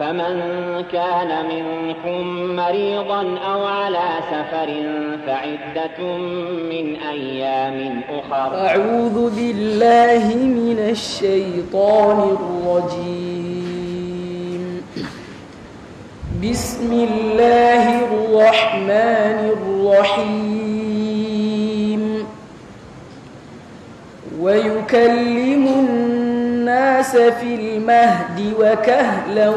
فمن كان منكم مريضا أو على سفر فعدة من أيام أخر أعوذ بالله من الشيطان الرجيم بسم الله الرحمن الرحيم ويكلم الناس في المهد وكهلا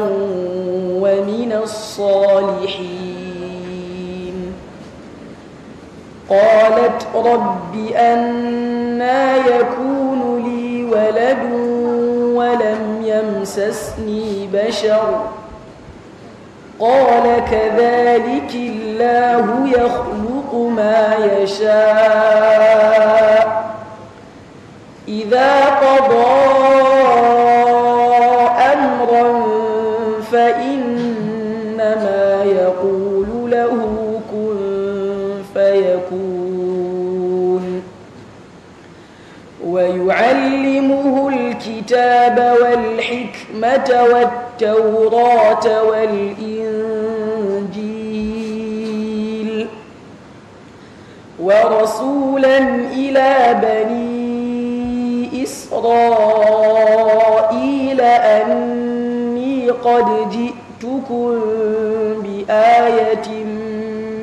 الصالحين قالت رب أنا يكون لي ولد ولم يمسسني بشر قال كذلك الله يخلق ما يشاء إذا قضى الكتاب والحكمة والتوراة والإنجيل ورسولا إلى بني إسرائيل أني قد جئتكم بآية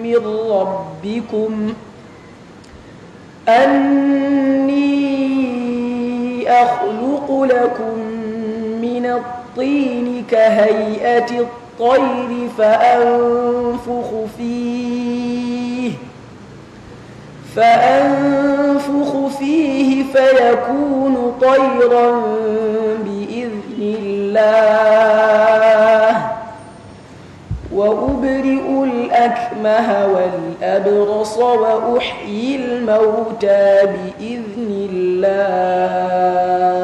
من ربكم أني لكم من الطين كهيئة الطير فأنفخ فيه فأنفخ فيه فيكون طيرا بإذن الله وأبرئ الأكمه والأبرص وأحيي الموتى بإذن الله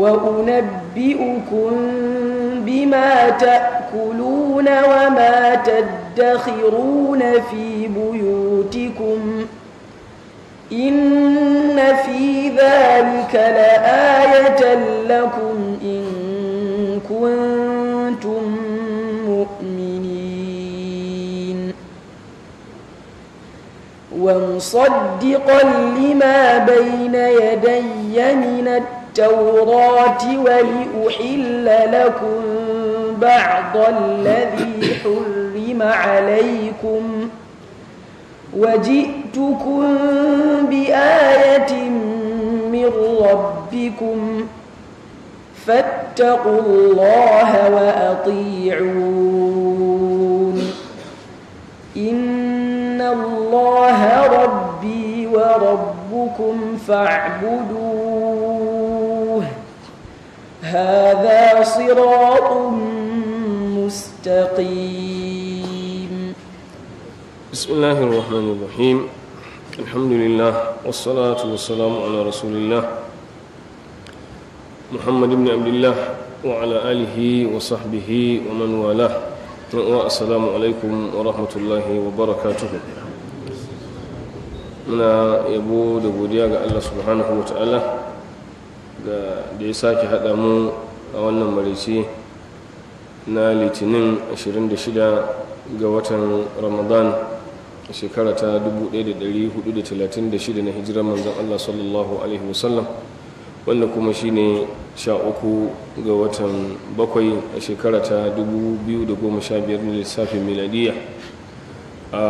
وأنبئكم بما تأكلون وما تدخرون في بيوتكم إن في ذلك لآية لكم إن كنتم مؤمنين ومصدقا لما بين يدي من التقوى التوراة ولأحل لكم بعض الذي حرم عليكم وجئتكم بآية من ربكم فاتقوا الله وأطيعون إن الله ربي وربكم فاعبدون هذا صراط مستقيم بسم الله الرحمن الرحيم الحمد لله والصلاة والسلام على رسول الله محمد بن عبد الله وعلى آله وصحبه ومن والاه السلام عليكم ورحمة الله وبركاته من يبود da الله سبحانه وتعالى da ya sake haɗa mu a wannan marici na litinin 26 ga watan ramadan shekara ta 1436 na hijirar manzan allah sallallahu alaihi wasallam wanda kuma shi sha uku ga watan bakwai a shekara ta 2015 na lissafin miladiya a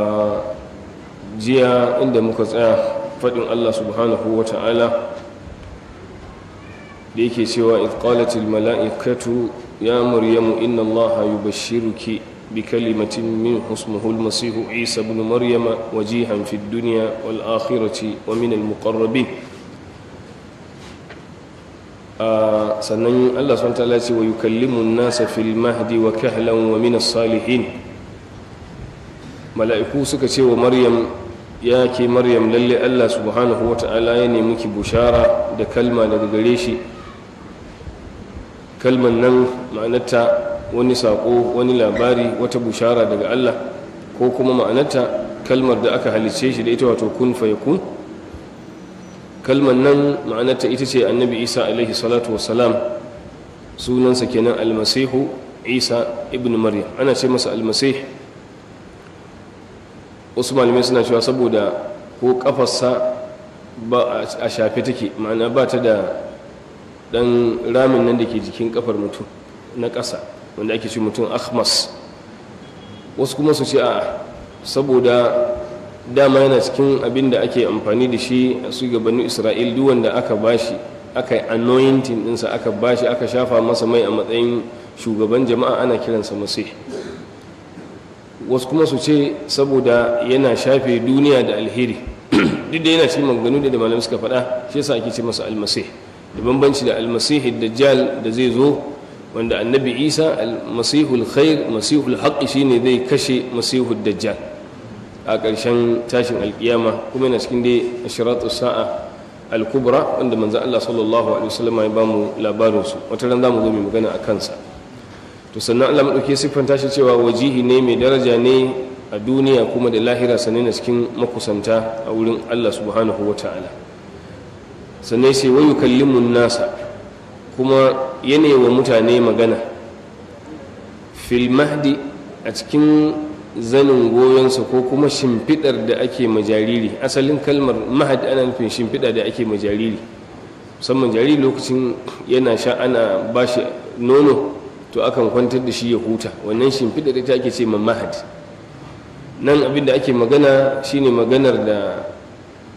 jiya inda muka tsaya faɗin allah subhanahu wa ta'ala da yake cewa idh mala'ikatu ya maryamu inna allaha yubashshiruki bi kalimatin min ismuhu al isa ibn maryama wajihan fid dunya wal akhirati wa min al muqarrabin ah, sannan Allah subhanahu ta'ala ce wa yukallimu an-nasa fil mahdi wa kahlan wa min as-salihin mala'iku suka ce wa maryam ya ke maryam lalle Allah subhanahu wa ta'ala ya nemi ki bushara da kalma daga gare shi kalman nan ma'anarta wani saƙo wani labari wata bushara daga Allah ko kuma ma'anarta kalmar da aka halice shi da ita wato kun fayakun kalmar nan ma'anarta ita ce annabi isa alaihi salatu wasalam sunansa kenan almasihu isa ibn maryam ana ce masa almasih wasu malamai suna cewa saboda ko kafarsa ba a shafe take ma'ana ba ta da dan ramin nan da ke jikin kafar mutum na ƙasa wanda ake ce mutum ahmas wasu kuma su ce a saboda dama yana cikin abin da ake amfani da shi a su gabanin isra'il duk wanda aka bashi aka yi anointing ɗinsa aka bashi aka shafa masa mai a matsayin shugaban jama'a ana kiransa masih wasu kuma su ce saboda yana shafe duniya da alheri duk da yana cikin maganganu da malamai suka faɗa shi yasa ake ce masa almasai. da bambanci da almasihi dajjal da zai zo wanda annabi isa almasihul khair masihul haqqi shine zai kashe masihul dajjal a ƙarshen tashin alƙiyama kuma yana cikin dai ashiratu sa'a al-kubra wanda manzo Allah sallallahu alaihi wasallam ya bamu labarin su wata ran zamu zo mu magana a kansa to sannan Allah madauke siffan tashi cewa wajihi ne mai daraja ne a duniya kuma da lahira sanin cikin makusanta a wurin Allah subhanahu wataala sannan sai wayu kallimun nasa kuma yanayi wa mutane magana fil mahdi a cikin zanin goyonsa ko kuma shimfiɗar da ake ma jariri asalin kalmar mahad ana nufin shimfiɗa da ake ma jariri musamman jariri lokacin yana sha ana ba shi nono to akan kwantar da shi ya huta wannan shimfiɗar ta ake ce ma mahad nan abin da ake magana shine maganar da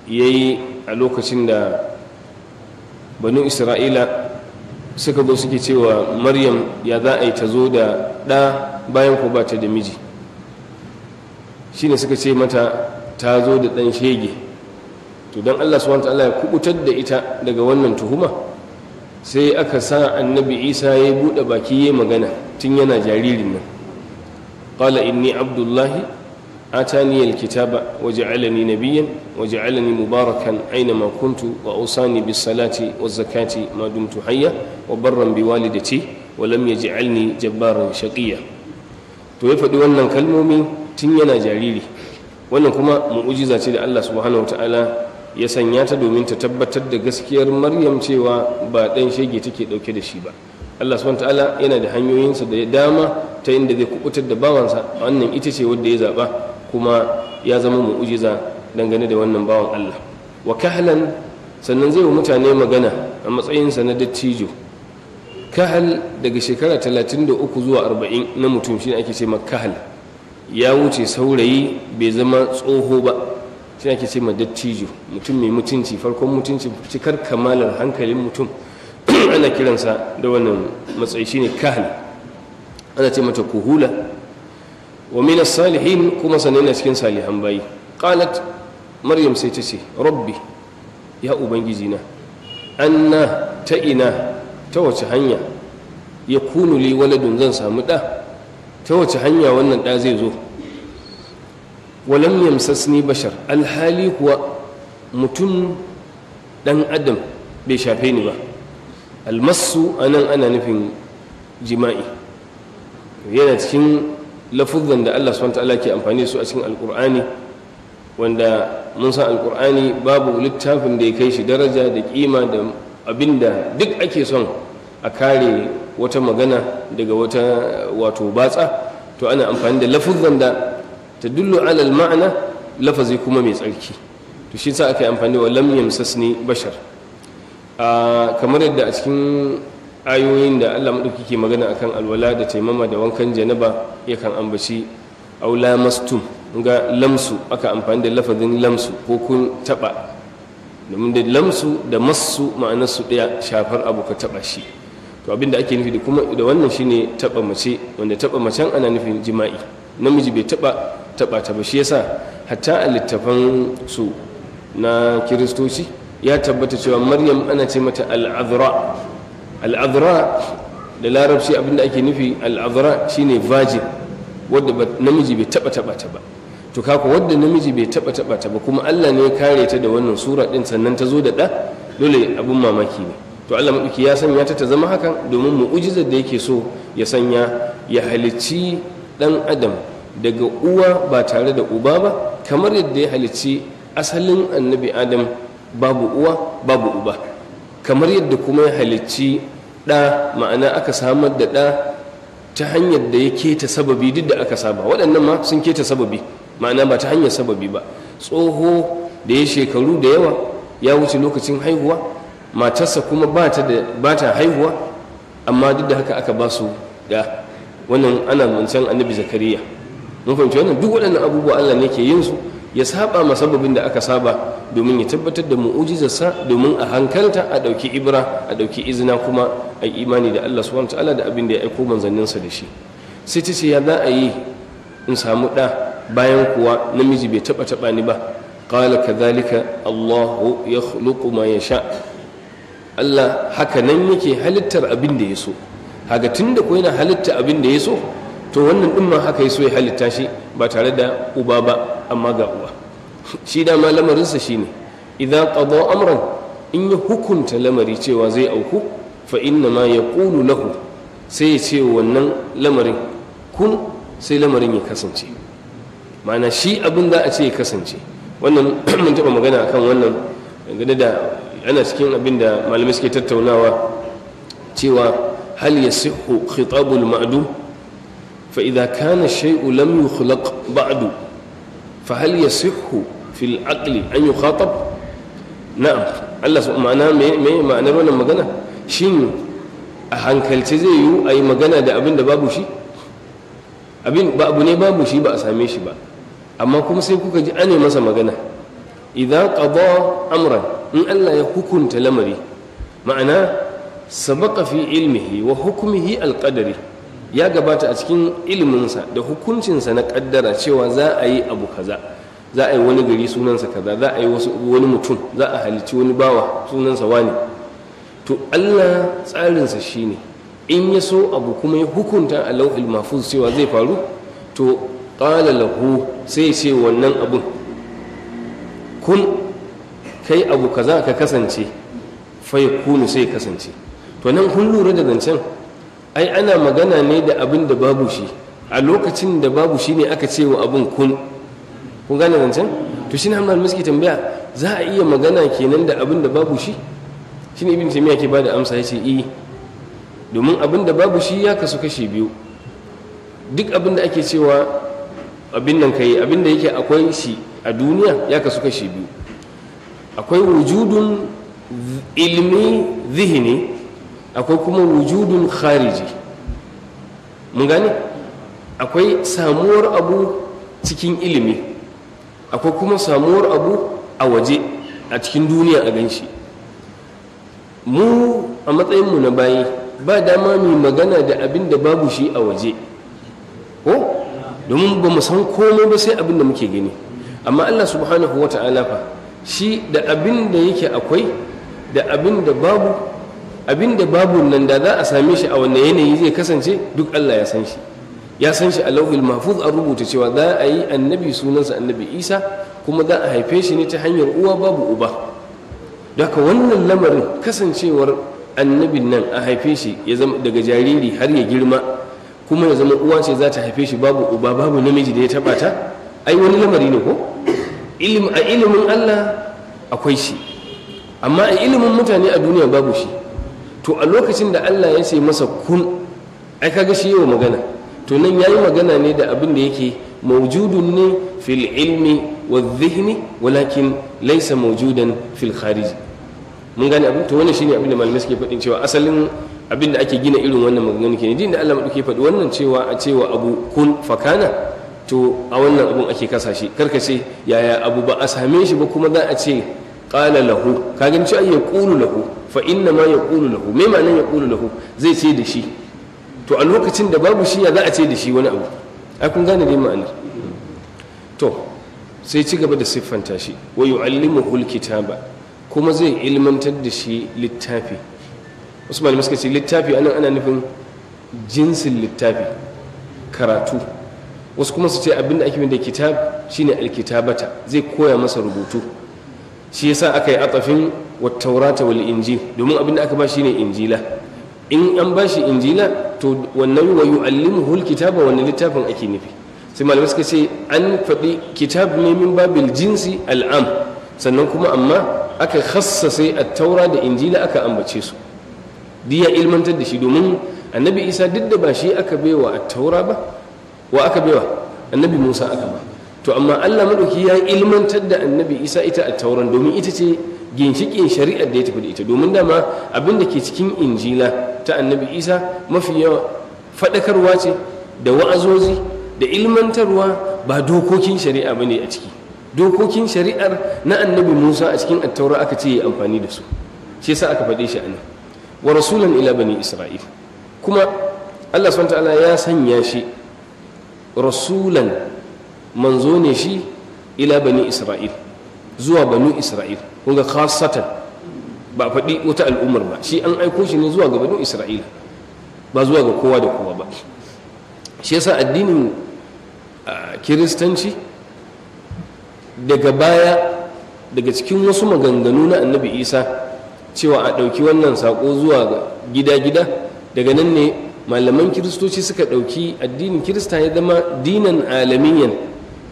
ya yi a lokacin da banu isra'ila suka zo suke cewa maryam ya za a yi ta zo da ɗa bayan ko ba ta da miji shi ne suka ce mata ta zo da ɗan shege to don allah su wanta Allah ya kubutar da ita daga wannan tuhuma sai aka sa annabi isa ya buɗe baki ya magana tun yana jaririn nan qala inni abdullahi آتاني الكتاب وجعلني نبيا وجعلني مباركا أينما كنت وأوصاني بالصلاة والزكاة ما دمت حيا وبرا بوالدتي ولم يجعلني جبارا شقيا to ya faɗi wannan kalmomi tun yana jariri wannan kuma mu'ujiza ce da Allah subhanahu ta'ala ya sanya ta domin ta tabbatar da gaskiyar maryam cewa ba ɗan shege take ɗauke da shi ba Allah subhanahu ta'ala yana da hanyoyinsa da dama ta inda zai kubutar da bawansa wannan ita ce wadda ya zaɓa kuma ya zama mu'ujiza dangane da wannan bawan Allah wa kahlan sannan zai wa mutane magana a matsayinsa na dattijo kahal daga shekara 33 zuwa 40 na mutum shi ake ce kahal ya wuce saurayi bai zama tsoho ba shi ake ce dattijo mutum mai mutunci farkon mutunci cikar kamalar hankalin mutum ana kiransa da wannan matsayi shine kahal ana ce mata kuhula wa min as-salihin kuma sannan yana cikin salihan bayi qalat maryam sai ta ce rabbi ya ubangiji na anna ta ina ta wace hanya ya kunu li waladun zan samu da ta wace hanya wannan da zai zo walam yamsasni bashar alhali kuwa mutum dan adam bai shafe ni ba almasu anan ana nufin jima'i yana cikin lafuzan da Allah subhanahu ta'ala ke amfani su a cikin alkur'ani wanda mun san alkur'ani babu littafin da ya kai shi daraja da kima da abinda duk ake son a kare wata magana daga wata wato batsa to ana amfani da lafuzan da tadullu alal ma'ana lafazi kuma mai tsarki to shi sa aka yi amfani wa lam yamsasni bashar ah, kamar yadda a cikin ayoyin da Allah maɗauki ke magana akan alwala da taimama da wankan janaba yakan ambaci aula mastum ga lamsu aka amfani da lafazin lamsu ko kun taɓa domin da lamsu da masu su ɗaya shafar abu ka taɓa shi to abin da ake nufi da kuma da wannan shine taɓa mace wanda taɓa macen ana nufin jima'i namiji bai taɓa taɓa ta ba shi yasa hatta a littafan su na kiristoci ya tabbata cewa maryam ana ce mata al'azra Al'adura da larabci abinda ake nufi al'adura shine virgin wadda namiji bai taba taba ta ba to kaku wadda namiji bai taba taba ta ba kuma Allah ne ya kare ta da wannan sura ɗin sannan ta zo da da dole abin mamaki ne to Allah maɗuki ya sanya ta ta zama hakan domin mu'ujizar da yake so ya sanya ya halicci ɗan adam daga uwa ba tare da uba ba kamar yadda ya halicci asalin annabi adam babu uwa babu uba kamar yadda kuma ya halicci ɗa ma'ana aka samar da ɗa ta hanyar da ya keta sababi duk da aka saba waɗannan ma sun keta sababi ma'ana ba ta hanyar sababi ba tsoho da ya shekaru da yawa ya wuce lokacin haihuwa matarsa kuma ba ta haihuwa amma duk da haka aka ba su da wannan ana zancen annabi zakariya mun fahimci wannan duk waɗannan abubuwa allah ne ke yin su ya saba masababin da aka saba domin ya tabbatar da mu'ujizarsa domin a hankalta a ɗauki ibra a ɗauki izina kuma a imani da Allah subhanahu ta'ala da abin da ya aiko manzanninsa da shi sai ta ce ya za a yi in samu ɗa bayan kuwa namiji bai taɓa taɓa ni ba qala kadhalika Allahu yakhluqu ma yasha Allah haka nan yake halittar abin da ya so haka tunda ko yana halitta abin da ya so to wannan din ma haka ya so ya halitta shi ba tare da uba ba amma ga uwa shi dama lamarinsa shine idan qada amran in ya hukunta lamari cewa zai auku fa inna ma yaqulu lahu sai ya ce wannan lamarin kun sai lamarin ya kasance Mana shi abin za a ce ya kasance wannan mun taɓa magana akan wannan dangane da ana cikin abin da malamai suke tattaunawa cewa hal ya sihu khitabul ma'dum فإذا كان الشيء لم يخلق بعد فهل يصح في العقل أن يخاطب؟ نعم الله سبحانه معناه ما ما ما نرونا مجانا شين أهان كل شيء أي مجانا ده أبين ده بابوشي أبين بابني بابوشي بأساميشي با أما كم سيكو كج أنا مسا مجانا إذا قضى أمرا إن الله يحكم تلمري معناه سبق في علمه وحكمه القدري ya gabata a cikin iliminsa da hukuncinsa na kaddara cewa za a yi abu kaza za a yi wani gari sunansa kaza za a yi wani mutum za a halici wani bawa sunansa wani to allah tsarinsa shine in ya so abu kuma ya hukunta a lauhil mafuz cewa zai faru to ƙala lahu sai ce wannan abun kun kai abu kaza ka kasance Fai kunu sai kasance to nan kun lura da zancen ai ana magana ne da abin da babu shi a lokacin da babu shi ne aka ce wa abin kun kun gane zancen to shi ne hamdan miski tambaya za a iya magana kenan da abin da babu shi shi ne ce taymiya ke da amsa ya ce i eh, domin abin da babu shi ya kasu kashe biyu duk abin da ake cewa abin nan kai abin da yake akwai shi a duniya ya kasu kashe biyu akwai wujudun ilmi zihini akwai kuma wujudun khariji mun gane akwai samuwar abu cikin ilimi akwai kuma samuwar abu a waje a cikin duniya a gan shi. mu a matsayinmu na bayi ba dama mu magana da abin da babu shi a waje ko domin ba mu san komai ba sai abin da muke gani amma allah subhanahu wa ta'ala fa shi da abin da yake akwai da abin da babu Abin da babu nan da za a same shi a wanne yanayi zai kasance duk Allah ya san shi ya san shi a lauhul mahfuz an rubuta cewa za a yi annabi sunansa annabi Isa kuma za a haife shi ne ta hanyar uwa babu uba daga wannan lamarin kasancewar annabin nan a haife shi ya zama daga jariri har ya girma kuma ya zama uwa ce za ta haife shi babu uba babu namiji da ya taba ta ai wani lamari ne ko a ilimin Allah akwai shi amma a ilimin mutane a duniya babu shi to a lokacin da Allah ya ce masa kun ai kaga shi yau magana to nan yi magana ne da abin da yake maujudun ne fil ilmi wa dhihni walakin laysa maujudan fil kharij mun gane abin to wannan shine abin da malamai suke faɗin cewa asalin abin da ake gina irin wannan maganganu ne, din da Allah madauke faɗi wannan cewa a cewa abu kun fakana to a wannan abin ake kasa shi karka ce yaya abu ba a same shi ba kuma za a ce qala lahu gani ni ya ayyakulu lahu fa inna ma yaqulu lahu me ma nan ya yaqulu lahu zai ce da shi to a lokacin da babu shi ya za a ce da shi wani abu A kun gane dai ma'anar to sai ci gaba da siffanta shi wa yu'allimuhu ba, kuma zai ilmantar da shi littafi wasu malamai suka ce littafi anan ana nufin jinsin littafi karatu wasu kuma su ce abin da ake da kitab shine alkitabata zai koya masa rubutu shi yasa aka yi atafin wattaurata wal injil domin abin da aka ba shi ne injila in an ba shi injila to wannan wa yu'allimuhu alkitaba wannan littafin ake nufi sai malamai suka ce an faɗi kitab ne min babil jinsi al'am sannan kuma amma aka khassase at-taura da injila aka ambace su diya ilmantar da shi domin annabi isa duk da ba shi aka baiwa at-taura ba wa aka baiwa annabi musa aka ba to amma allah maɗauki ya ilmantar da annabi isa ita a tauran domin ita ce ginshikin shari'ar da ya tafi da ita domin dama abin da ke cikin injila ta annabi isa mafi yawa faɗakarwa ce da wa'azozi da ilmantarwa ba dokokin shari'a ba ne a ciki dokokin shari'ar na annabi musa a cikin attaura aka ce ya amfani da su shi yasa aka faɗe shi a nan wa rasulan ila bani isra'il kuma allah SWT ya sanya shi rasulan manzo ne shi ila bani isra'il zuwa banu isra'il kunga ga khasatan ba faɗi wata al'ummar ba shi an aiko shi ne zuwa ga banu isra'il ba zuwa ga kowa da kowa ba shi yasa addinin kiristanci daga baya daga cikin wasu maganganu na annabi isa cewa a ɗauki wannan sako zuwa gida-gida daga nan ne malaman kiristoci suka ɗauki addinin kirista ya zama dinan alamiyan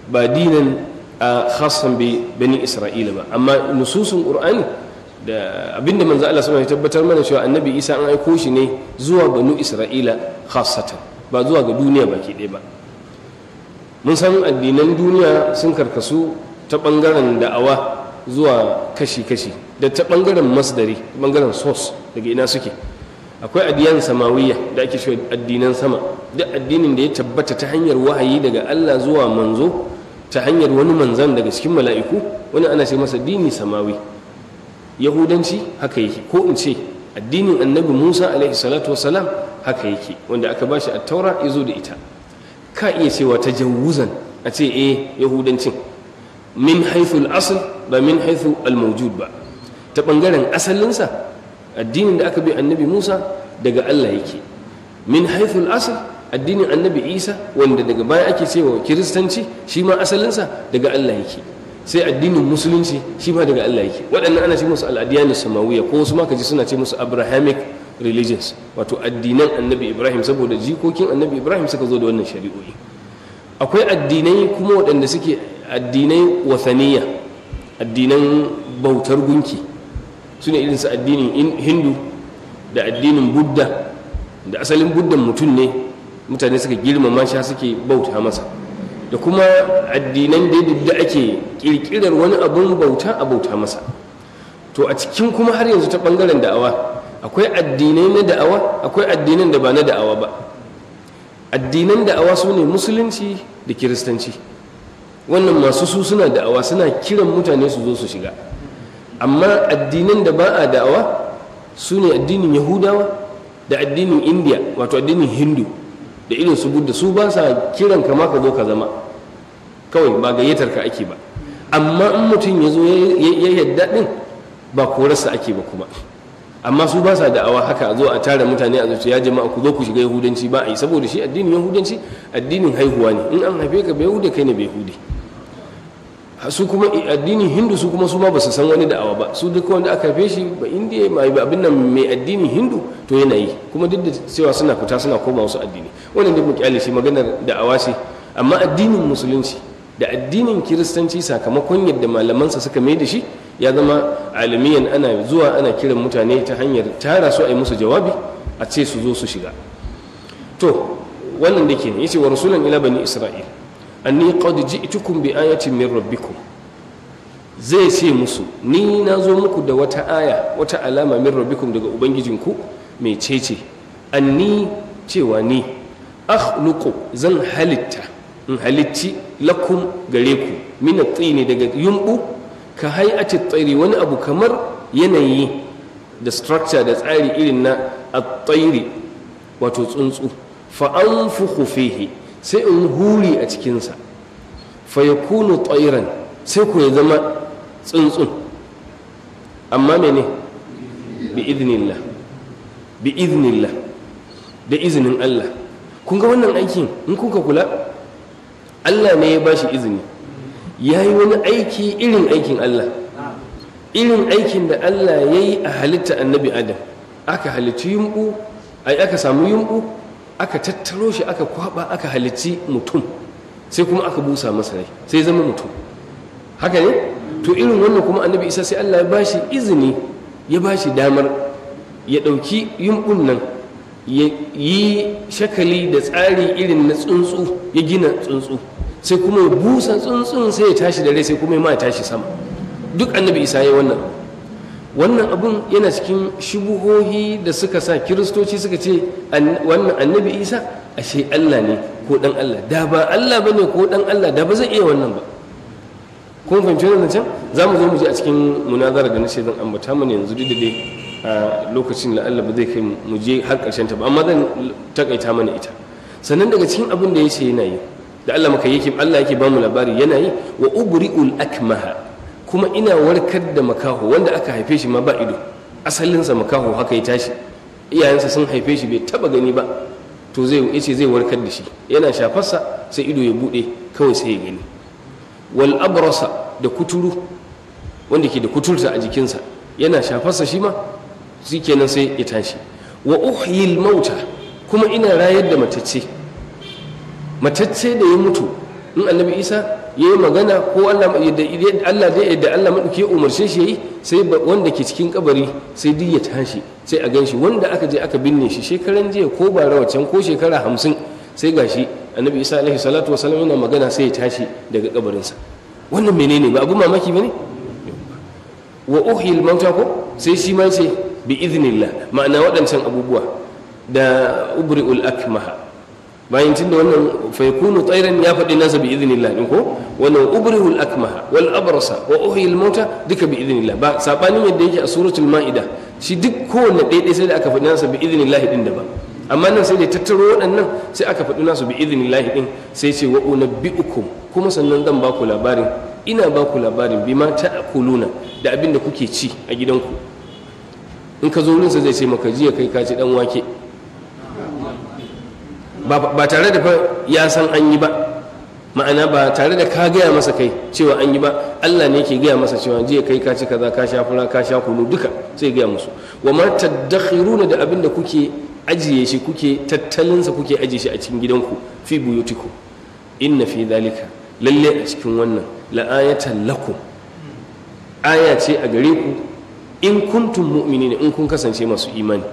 ba dinan a bi bani isra'ila ba amma nususun qur'ani da abinda manzo Allah subhanahu ya tabbatar mana cewa annabi Isa an aiko shi ne zuwa bani isra'ila khassatan ba zuwa ga duniya baki ɗaya ba mun san addinan duniya sun karkasu ta bangaren da'awa zuwa kashi-kashi da ta bangaren masdari bangaren source daga ina suke akwai adiyan samawiyya da ake cewa addinan sama duk addinin da ya tabbata ta hanyar wahayi daga Allah zuwa manzo ta hanyar wani manzan daga cikin mala'iku wani ana ce masa dini samawi yahudanci haka yake ko in ce addinin annabi musa alaihi salatu wasalam haka yake wanda aka ba shi a taura ya zo da ita ka iya cewa ta jawuzan a ce eh yahudancin min haithu asl ba min haithu al ba ta bangaren asalinsa addinin da aka bi annabi musa daga allah yake min haithu asl addinin annabi isa wanda daga baya ake cewa kiristanci shi ma asalinsa daga allah yake sai addinin musulunci shi ma daga allah yake waɗannan ana ce musu al'adiyanin samawiya ko wasu ma ji suna ce musu abrahamic religions wato addinan annabi ibrahim saboda jikokin annabi ibrahim suka zo da wannan shari'o'i akwai addinai kuma waɗanda suke addinai Wataniya, addinan bautar gunki su ne irinsu addinin hindu da addinin budda da asalin buddan mutum ne mutane suka girmama shi suke bauta masa da kuma addinan da yadda ake kirkirar wani abun bauta a bauta masa to a cikin kuma har yanzu ta bangaren da'awa akwai addinai na da'awa akwai addinan da ba na da'awa ba addinan da'awa su ne musulunci da kiristanci wannan masu su suna da'awa suna kiran mutane su zo su shiga amma addinan da ba a da'awa su ne addinin yahudawa da addinin indiya wato addinin hindu da irin su budda su ba sa kiran kama ka zo ka zama kawai ba gayyatar ka ake ba amma in mutum ya zo ya yadda din ba korarsa ake ba kuma amma su ba sa da'awa haka a zo a tara mutane a zuciya jama'a ku zo ku shiga yahudanci ba a yi saboda shi addinin yahudanci addinin haihuwa ne in an haife ka bai yahuda kai ne bai yahudi su kuma addinin hindu su kuma su ma ba su san wani da'awa ba su duk wanda aka haife shi ba indiya ba abin nan mai addinin hindu to yana yi kuma duk da cewa suna fita suna koma wasu addini wannan duk mukyali shi maganar da'awa ce amma addinin musulunci da addinin kiristanci sakamakon yadda malamansa suka mai da shi ya zama alamiyan ana zuwa ana kiran mutane ta hanyar tara su a yi musu jawabi a ce su zo su shiga to wannan da ke ne ya ce wa rasulan ila bani isra'il anni qad ji'tukum bi ayatin min rabbikum zai ce musu ni na zo muku da wata aya wata alama min rabbikum daga ubangijinku mai cece anni cewa ni akhluqu zan halitta in halitti lakum gare ku min at-tini daga yumbu ka hay'ati at-tayri wani abu kamar yanayi da structure da tsari irin na at-tayri wato tsuntsu fa anfukhu fihi sai in huri a cikinsa fa ya kunu tsairan sai ku ya zama tsuntsun amma mene bi iznillah bi da izinin Allah kun ga wannan aikin in kuka kula Allah ne ya bashi izini ya yi wani aiki irin aikin Allah irin aikin da Allah ya yi a halitta annabi Adam aka halittu yumɓu aka samu yumɓu aka tattaro shi aka kwaba aka halicci mutum sai kuma aka busa masa rai sai zama mutum haka ne to irin wannan kuma annabi isa sai allah ya bashi izini ya bashi damar ya ɗauki yumbun nan ya yi shakali da tsari irin na tsuntsu ya gina tsuntsu sai kuma ya busa tsuntsun sai ya tashi da rai sai kuma ya ma ya tashi sama duk annabi isa ya wannan wannan abun yana cikin shubuhohi da suka sa kiristoci suka ce wannan annabi isa ashe allah ne ko dan allah da ba allah ba ne ko dan allah da ba zai iya wannan ba kun fahimci wannan can za mu zo mu je a cikin munazara da na zan ambata mana yanzu duk da dai a lokacin da allah ba zai kai mu je har karshen ta ba amma zan takaita mana ita sannan daga cikin abin da ya ce yana yi da allah maka yake allah yake ba mu labari yana yi wa ubri'ul akmaha kuma ina warkar da makaho wanda aka haife shi ma ba ido asalinsa makaho haka ya tashi iyayensa sun haife shi bai taba gani ba to zai yace zai warkar da shi yana shafarsa sai ido ya bude kawai sai ya gani wal abrasa da kuturu wanda ke da kuturta a jikinsa yana shafarsa shi ma kenan sai ya tashi wa uhyil mauta kuma ina rayar da matacce matacce da ya mutu in annabi isa ya yi magana ko Allah zai yadda Allah maɗauki umarce shi yi sai wanda ke cikin kabari sai duk ya tashi sai a gan shi wanda aka je aka binne shi shekaran jiya ko ba rawacan ko shekara hamsin sai gashi annabi isa alaihi salatu wasalam yana magana sai ya tashi daga kabarinsa wannan menene ba abu mamaki ba ne? wa uhil mauta ko sai shi ma ce bi iznillah ma'ana waɗancan abubuwa da ubri'ul akmaha bayan tunda wannan faikunu tsairan ya faɗi nasa bi izini din ko wannan ubrihul akmaha wal abrasa wa uhyil mota duka bi idinillah ba sabanin yadda yake a suratul maida shi duk kowanne ɗaya sai da aka faɗi nasa bi idinillah din da ba amma nan sai da tattaro waɗannan sai aka faɗi nasa bi idinillah din sai ce wa'u wa unabbiukum kuma sannan zan ba ku labarin ina ba ku labarin bima ta'kuluna da abin da kuke ci a gidanku in ka zo sa zai ce maka jiya kai ka ci dan wake ba tare da fa ya san an yi ba ma'ana ba tare da ka gaya masa kai cewa an yi ba Allah ne yake gaya masa cewa jiya kai ka ci kaza ka sha fura ka sha kunu duka sai gaya musu wa ma tadakhiruna da abin da kuke ajiye shi kuke tattalinsa kuke ajiye shi a cikin gidanku fi buyutiku inna fi zalika lalle a cikin wannan ayatan lakum aya ce a gare ku in kuntum mu'minina in kun kasance masu imani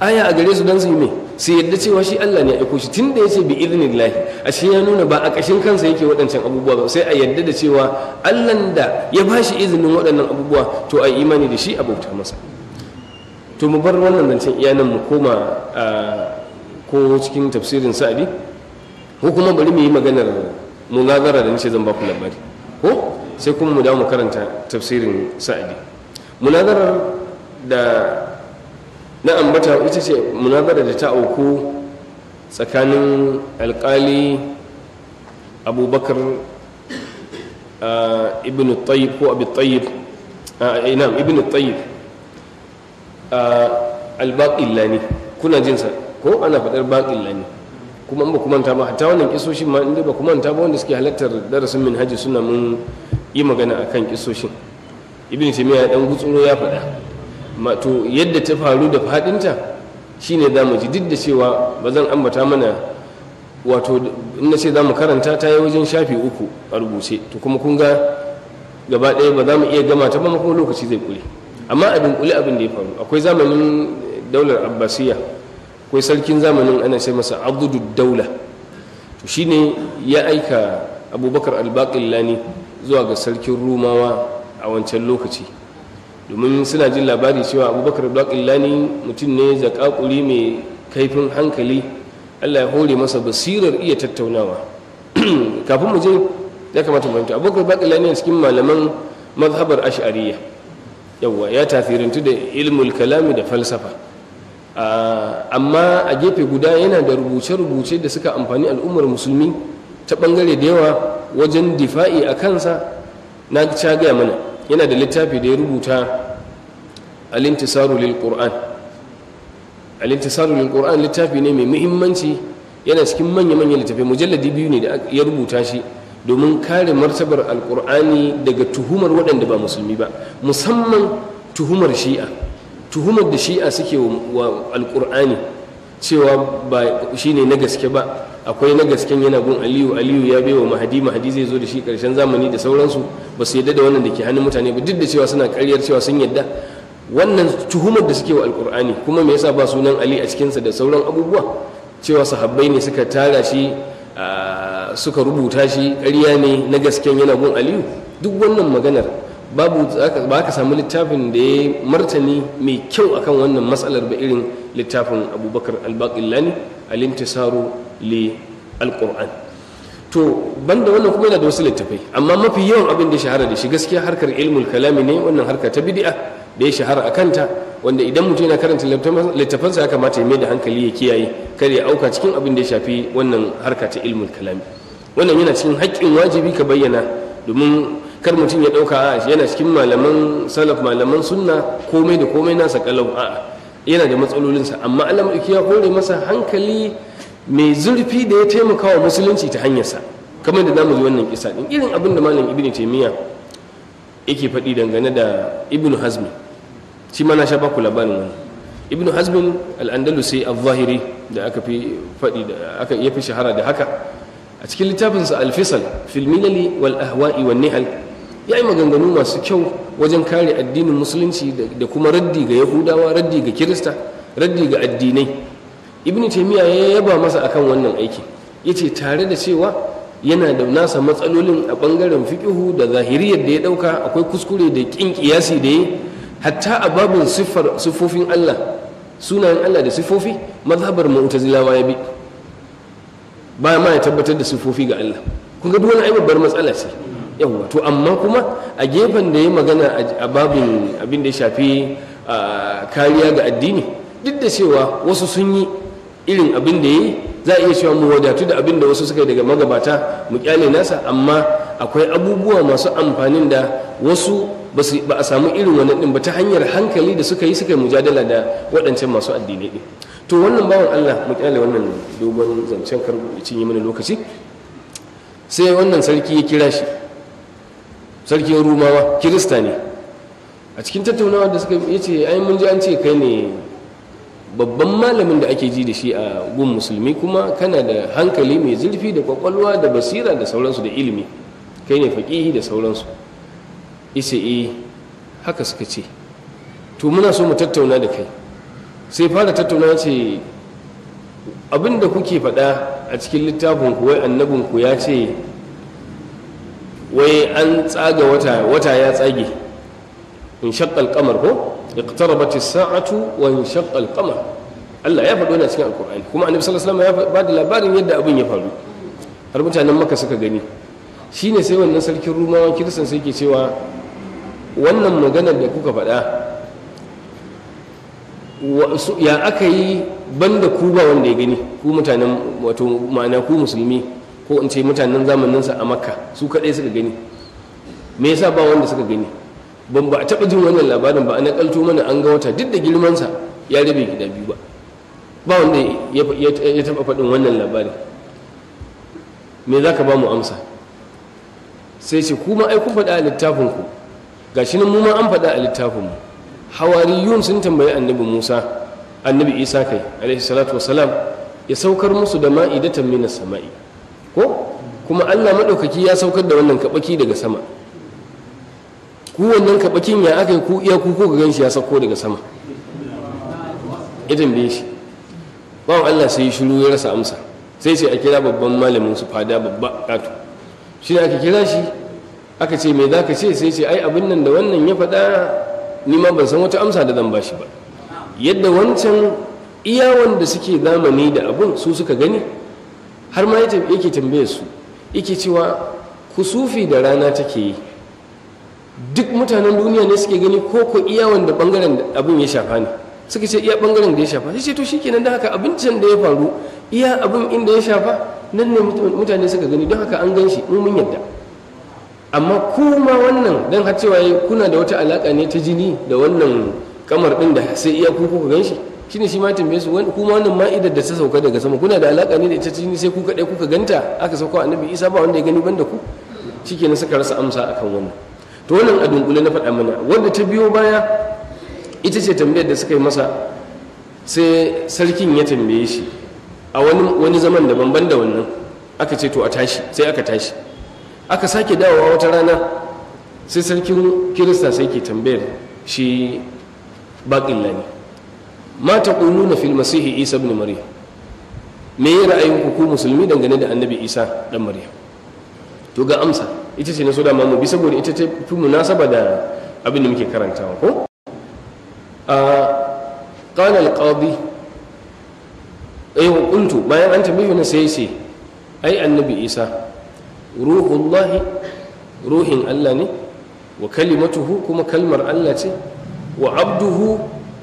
aya a gare su don su yi mai su yadda cewa shi Allah ne ya aiko shi tun da ya ce bi izinin lahi a shi ya nuna ba a ƙashin kansa yake waɗancan abubuwa ba sai a yadda da cewa Allah da ya ba shi izinin waɗannan abubuwa to a imani da shi a bauta masa to mu bar wannan zancen iyanan mu koma ko cikin tafsirin sa'adi ko kuma bari mu yi maganar munazara da nace zan ba ku labari ko sai kuma mu dawo mu karanta tafsirin sa'adi munazarar da na ambata ita ce munazara da ta auku tsakanin alkali abubakar ibn tayyib ko abu tayyib inam eh, ibn tayyib albaqillani kuna jinsa ko ana faɗar Lani? kuma ba ku manta ba ta wannan kisoshin ma inda ba ku manta ba wanda suke halartar darasin min hajji suna mun yi magana akan kisoshin ibn taimiyya ya dan gutsuro ya faɗa to yadda ta faru da faɗinta shine za mu ji duk da cewa ba zan ambata mana wato in na ce za mu karanta ta yi wajen shafi uku a rubuce to kuma kun ga gaba ɗaya ba za mu iya gama ta ba kuma lokaci zai kuli amma abin kuli abin da ya faru akwai zamanin daular abbasiya akwai sarkin zamanin ana sai masa abdudu daula to shine ya aika abubakar lani zuwa ga sarkin rumawa a wancan lokaci domin suna jin labari cewa abubakar Lani mutum ne zakakuri mai kaifin hankali allah ya hore masa basirar iya tattaunawa kafin mu je ya kamata fahimta abubakar a cikin malaman mazhabar ash'ariya yawwa ya tasirantu da ilmul kalami da falsafa amma a gefe guda yana da rubuce-rubuce da suka amfani al'ummar musulmi ta ɓangare da yawa wajen difa'i a kansa na ta gaya mana yana da littafi da ya rubuta alintisaru lil qur'an littafi ne mai muhimmanci yana cikin manya-manyan littafi, mujalladi biyu ne da ya rubuta shi domin kare martabar alkur'ani daga tuhumar waɗanda ba musulmi ba musamman tuhumar shi'a tuhumar da shi'a suke wa alkur'ani cewa ba shi ne na gaske ba akwai na gasken yana gun aliyu aliyu ya bai wa mahadi mahadi zai zo da shi karshen zamani da sauransu ba su yadda da wannan da ke hannun mutane ba duk da cewa suna karyar cewa sun yadda wannan tuhumar da suke wa alkur'ani kuma me yasa ba sunan ali a cikinsa da sauran abubuwa cewa sahabbai ne suka tara shi ah, suka rubuta shi karya ne na gasken yana gun aliyu duk wannan maganar babu ba ka samu littafin da ya martani mai kyau akan wannan matsalar ba irin littafin abubakar albaqillani alimtisaru li alquran to banda wannan kuma yana da wasu littafai amma mafi yawan abin da shahara da shi gaskiya harkar ilmul kalami ne wannan harka ta bidi'a da ya shahara a kanta wanda idan mutum yana karanta littafansa ya kamata ya mai da hankali ya kiyaye kar ya auka cikin abin da ya shafi wannan harka ta ilmul kalami wannan yana cikin haƙƙin wajibi ka bayyana domin kar mutum ya ɗauka a yana cikin malaman salaf malaman sunna komai da komai nasa kalau a yana da matsalolinsa amma allah maɗauki ya kore masa hankali mai zurfi da ya taimaka wa musulunci ta hanyarsa kamar da zamu ji wannan kisa ɗin irin abin da malam ibnu taymiya yake faɗi dangane da ibnu hazmi shi ma na sha baku labarin wani ibnu Hazmi al sai a zahiri da aka fi faɗi da aka iya fi shahara da haka a cikin littafinsa al-fisal fil wal ahwa'i nihal ya yi maganganu masu kyau wajen kare addinin musulunci da kuma raddi ga yahudawa raddi ga kirista raddi ga addinai ibn taimiyya ya yaba masa akan wannan aiki ya ce tare da cewa yana da nasa matsalolin a ɓangaren fiƙihu da zahiriyar da ya ɗauka akwai kuskure da ƙin ƙiyasi da ya hatta a babin siffofin allah sunayen allah da siffofi mazhabar mu'tazilawa ya bi ba ma ya tabbatar da siffofi ga allah kun ga duk wani ai babbar matsala ce yawwa to amma kuma a gefen da ya magana a babin abin da ya shafi kariya ga addini duk da cewa wasu sun yi irin abin da ya yi za a iya cewa mu wadatu da abin da wasu suka yi daga magabata mu kyale nasa amma akwai abubuwa masu amfanin da wasu ba a samu irin wannan din ba ta hanyar hankali da suka yi suka yi mujadala da waɗancan masu addinai din to wannan bawan Allah mu kyale wannan dogon zancen kar cinye mana lokaci sai wannan sarki ya kira shi sarkin rumawa kirista ne a cikin tattaunawa da suka yi ce ai mun ji an ce kai ne babban malamin da ake ji da shi a gun musulmi kuma kana da hankali mai zurfi da kwakwalwa da basira da sauransu da ilimi kai ne faƙihi da sauransu isa e eh, haka suka ce to muna so mu tattauna da kai sai fara tattauna ce abinda kuke faɗa a cikin littafin ku wai annabin ku ya ce wai an tsaga wata ya tsage in shakkal kamar ko iqtarabat as-sa'atu wa in shakkal kamar Allah ya faɗo na cikin alkur'ani kuma annabi sallallahu alaihi wasallam ya ba da labarin yadda abin ya faru har mutanen maka suka gani shine sai wannan sarkin rumawa kirsan sai ke cewa wannan maganar da kuka faɗa ya aka yi banda ku ba wanda ya gani ku mutanen wato ma'ana ku musulmi ko in ce mutanen zamaninsa a makka su kaɗai suka gani me yasa ba wanda suka gani ban ba a taɓa jin wannan labarin ba a nakalto mana an ga wata duk da girmansa ya rabe gida biyu ba ba wanda ya taɓa faɗin wannan labarin me za ka ba mu amsa sai ce kuma ai kun faɗa a littafin ku. ga shi nan mu ma an faɗa a littafin mu hawariyun sun tambayi annabi musa annabi isa kai alaihi salatu wasalam ya saukar musu da ma'idatan minas sama'i ko kuma allah maɗaukaki ya saukar da wannan kaɓaki daga sama ku wannan kaɓakin ya aka yi ku iya ku ko gan shi ya sauko daga sama idan bai shi bawan allah sai shiru ya rasa amsa sai sai a kira babban malamin su fada babba kato shi ne aka kira shi aka ce mai za ka ce sai ce ai abin nan da wannan ya faɗa ni ma ban san wata amsa da zan bashi ba yadda wancan iya wanda suke zamani da abun su suka gani har ma yake tambaye su yake cewa kusufi da rana take yi duk mutanen duniya ne suke gani ko ko iya wanda bangaren abin ya shafa ne suka ce iya bangaren da ya shafa shi ce to shi kenan da haka abincin da ya faru iya abin inda ya shafa nan ne mutane suka gani don haka an gan shi mun yadda amma kuma wannan don har cewa kuna da wata alaka ne ta jini da wannan kamar ɗin da sai iya ku gan shi shine shi ma tambaye su kuma wannan ma'idar da ta sauka daga sama kuna da alaka ne da ita cikin sai kuka kaɗai kuka ganta aka sauka annabi isa ba wanda ya gani banda ku na suka rasa amsa akan wannan to wannan a dunkule na faɗa mana wanda ta biyo baya ita ce tambayar da suka yi masa sai sarkin ya tambaye shi a wani wani zaman daban da wannan aka ce to a tashi sai aka tashi aka sake dawowa wata rana sai sarkin kirista sai ke tambayar shi baƙin lani ma taquluna fil masihi isa bin mariya me ya ra'ayin ku musulmi dangane da annabi isa dan Mariya? to ga amsa ita ce na so da mu bi saboda ita ta fi munasaba da abin da muke karantawa ko a qala al qadi ay bayan an tambaye na sai sai ai annabi isa ruhullahi ruhin Allah ne wa kalimatuhu kuma kalmar Allah ce wa abduhu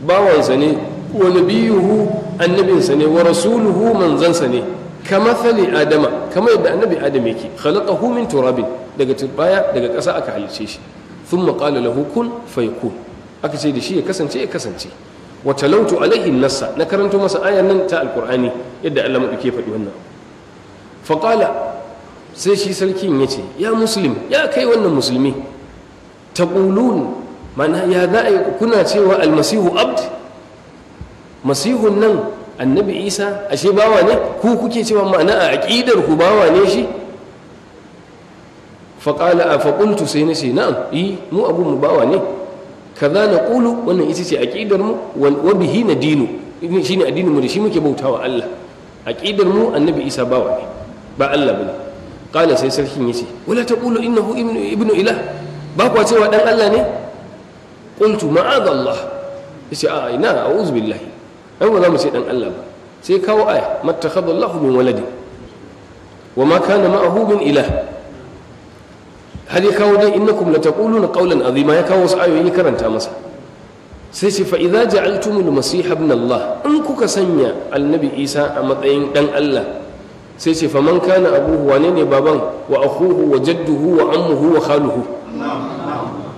bawansa ne wa nabiyuhu annabinsa ne wa rasuluhu manzansa ne kama thali adama kama yadda annabi adam yake khalaqahu min turabin daga turbaya daga ƙasa aka halice shi thumma qala lahu kun fayakun aka ce da shi ya kasance ya kasance wa talautu alaihi nassa na karanto masa ayar nan ta alqur'ani yadda Allah madauke faɗi wannan fa qala sai shi sarkin ya ce ya muslim ya kai wannan musulmi taqulun mana ya za kuna cewa almasihu abd masihun nan annabi isa ashe bawa ne ku kuke cewa ma'ana a aƙidar ku bawa ne shi faƙala a faƙultu sai na ce na'am yi eh, mu abun mu bawa ne kaza na ƙulu wannan ita ce aƙidar mu wa bihi na dinu shi ne addinin mu da shi muke bautawa Allah aƙidar mu annabi isa bawa ne ba Allah bane ƙala sai sarkin ya ce wala ta ƙulu innahu ibnu ilah ba kuwa cewa ɗan Allah ne ƙultu ma'adallah ya ce a ina a'udhu billahi ai ba za mu ce dan Allah ba sai kawo aya mattakhadha Allahu min waladi wa ma kana ma'ahu min ilah har ya kawo dai innakum lataquluna qawlan azima ya kawo wasu ayoyi karanta masa sai ce fa idza ja'altumul masih ibn Allah in kuka sanya annabi Isa a matsayin dan Allah sai ce faman kana abuhu wane ne baban wa akuhu wa jadduhu wa ammuhu wa khaluhu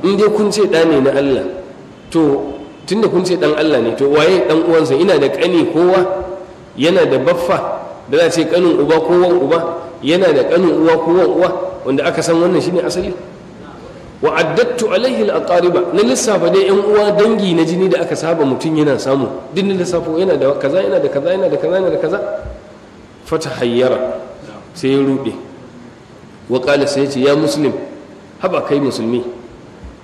in dai kun ce ɗa ne na Allah to tunda kun ce dan Allah ne to waye dan uwansa ina da kani kowa yana da baffa da za ce kanin uba kowan uba yana da kanin uwa kowan uwa wanda aka san wannan shine asali wa addattu alaihi al na lissafa dai yan uwa dangi na jini da aka saba mutum yana samu duk na lissafa yana da kaza yana da kaza yana da kaza yana da kaza fata sai ya rude wa qala sai ya ce ya muslim haba kai musulmi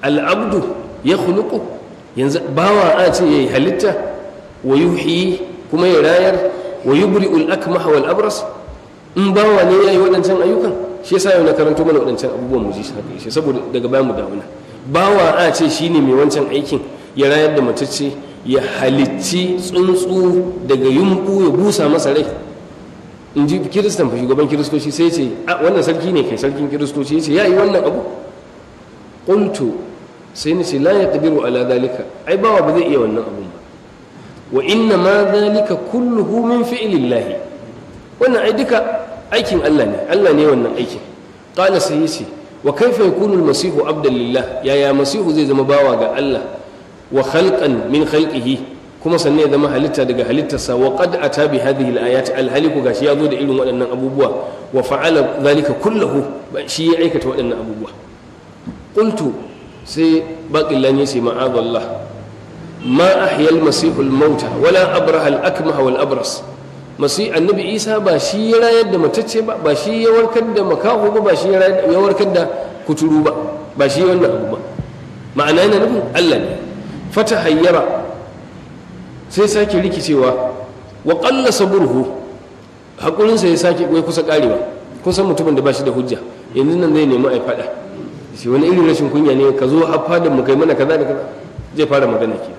al-abdu ya yanzu bawa a ce ya yi halitta wa yuhyi kuma ya rayar wa yi buri Ulak Mahawal abras in bawa ne ya yi waɗancan ayyukan shi yasa yau na karanto mana waɗancan abubuwan mu ji shi saboda daga bayan mu dauna bawa a ce shi ne mai wancan aikin ya rayar da matacce ya halicci tsuntsu daga yumbu ya busa masa rai in ji kiristan fa shugaban kiristoci sai ce wannan sarki ne kai sarkin kiristoci ya ce ya yi wannan abu qultu sai ni ce la yaqdiru ala dalika. ai bawa ba zai iya wannan abun ba wa inna ma dalika kulluhu min fi'lillahi wannan ai duka aikin Allah ne Allah ne wannan aikin qala sai wa kaifa yakunu masihu abdan lillah yaya masihu zai zama bawa ga Allah wa khalqan min khalqihi kuma sannan ya zama halitta daga halittarsa wa qad ata bi hadhihi al-ayat gashi ya zo da irin waɗannan abubuwa wa fa'ala zalika kullahu shi ya aikata waɗannan abubuwa qultu sai baƙillan ya ce ma'adallah ma ahyal masihul mauta wala abraha al akmaha wal abras masi annabi isa ba shi ya rayar da matacce ba ba shi ya warkar da makaho ba ba shi ya warkar da kuturu ba ba shi wannan abu ba ma'ana yana nufin allah ne fata hayyara sai sake rikicewa wa ƙalla saburhu haƙurinsa ya sake kusa ƙarewa kusan mutumin da ba shi da hujja yanzu nan zai nemi a faɗa shi wani irin rashin kunya ne ka zo a fada mu kai mana kaza da kaza zai fara magana ke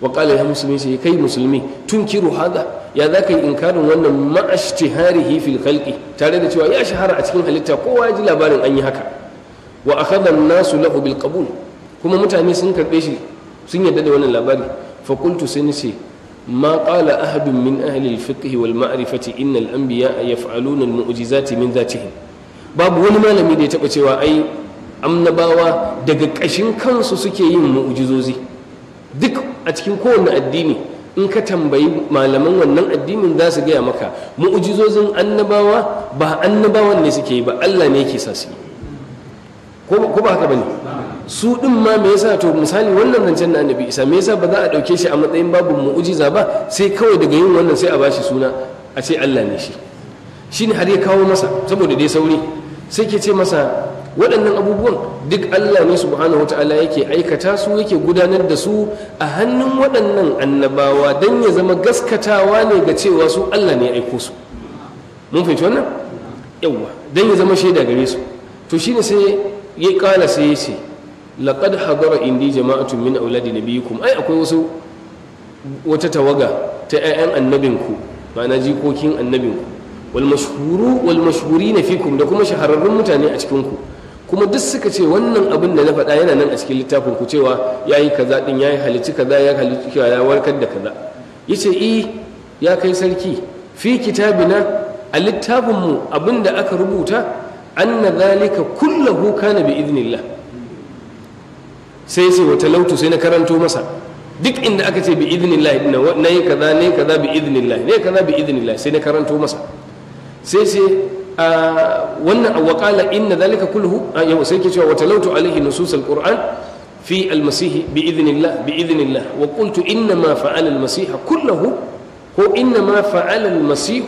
wa qala ya musulmi sai kai musulmi tunkiru hada ya za ka yi inkarin wannan ma'ashtiharihi fil khalqi tare da cewa ya shahara a cikin halitta kowa ya ji labarin an yi haka wa akhadha an-nasu lahu bil qabul kuma mutane sun karbe shi sun yarda da wannan labari fa qultu sai nace ما wal أحد من أهل الفقه والمعرفة za الأنبياء يفعلون Babu wani malami da ya taba cewa ai. annabawa daga ƙashin kansu suke yin mu'ujizozi duk a cikin kowane addini in ka tambayi malaman wannan addinin za su gaya maka mu'ujizozin annabawa ba annabawan ne suke yi ba allah ne yake sa su yi ko ba haka ba ne su ɗin ma me yasa to misali wannan zancen na annabi isa me yasa ba za a ɗauke shi a matsayin babu mu'ujiza ba sai kawai daga yin wannan sai a bashi suna a ce allah ne shi shine har ya kawo masa saboda dai sauri sai ke ce masa waɗannan abubuwan duk Allah ne subhanahu wata'ala yake aikata su yake gudanar da su a hannun waɗannan annabawa don ya zama gaskatawa ne ga cewa su Allah ne ya aiko su mun fahimci wannan yawwa don ya zama shaida gare su to shine sai ya kala sai ya ce laqad hadara indi jama'atun min auladi nabiyikum ai akwai wasu wata tawaga ta 'ya'yan annabinku ma'ana jikokin annabinku wal mashhuru wal mashhurina fikum da kuma shahararrun mutane a cikinku ku kuma duk suka ce wannan abin da na faɗa yana nan a cikin littafin ku cewa ya yi kaza ɗin ya yi halicci kaza ya halicci kaza ya warkar da kaza ya ce i eh, ya kai sarki fi kitabina a littafinmu abin da aka rubuta an na zalika kullahu kana bi idnillah sai sai wata lautu sai na karanto masa duk inda aka ce bi idnillah na yi kaza na yi kaza bi idnillah na yi kaza bi idnillah sai na karanto masa sai sai wannan awwaqala inna dhalika kulluhu ah, yau sai ke cewa watalautu alaihi nusus alquran fi almasih bi idhnillah bi idhnillah wa qultu inna ma fa'ala almasih kulluhu ko inna ma fa'ala almasih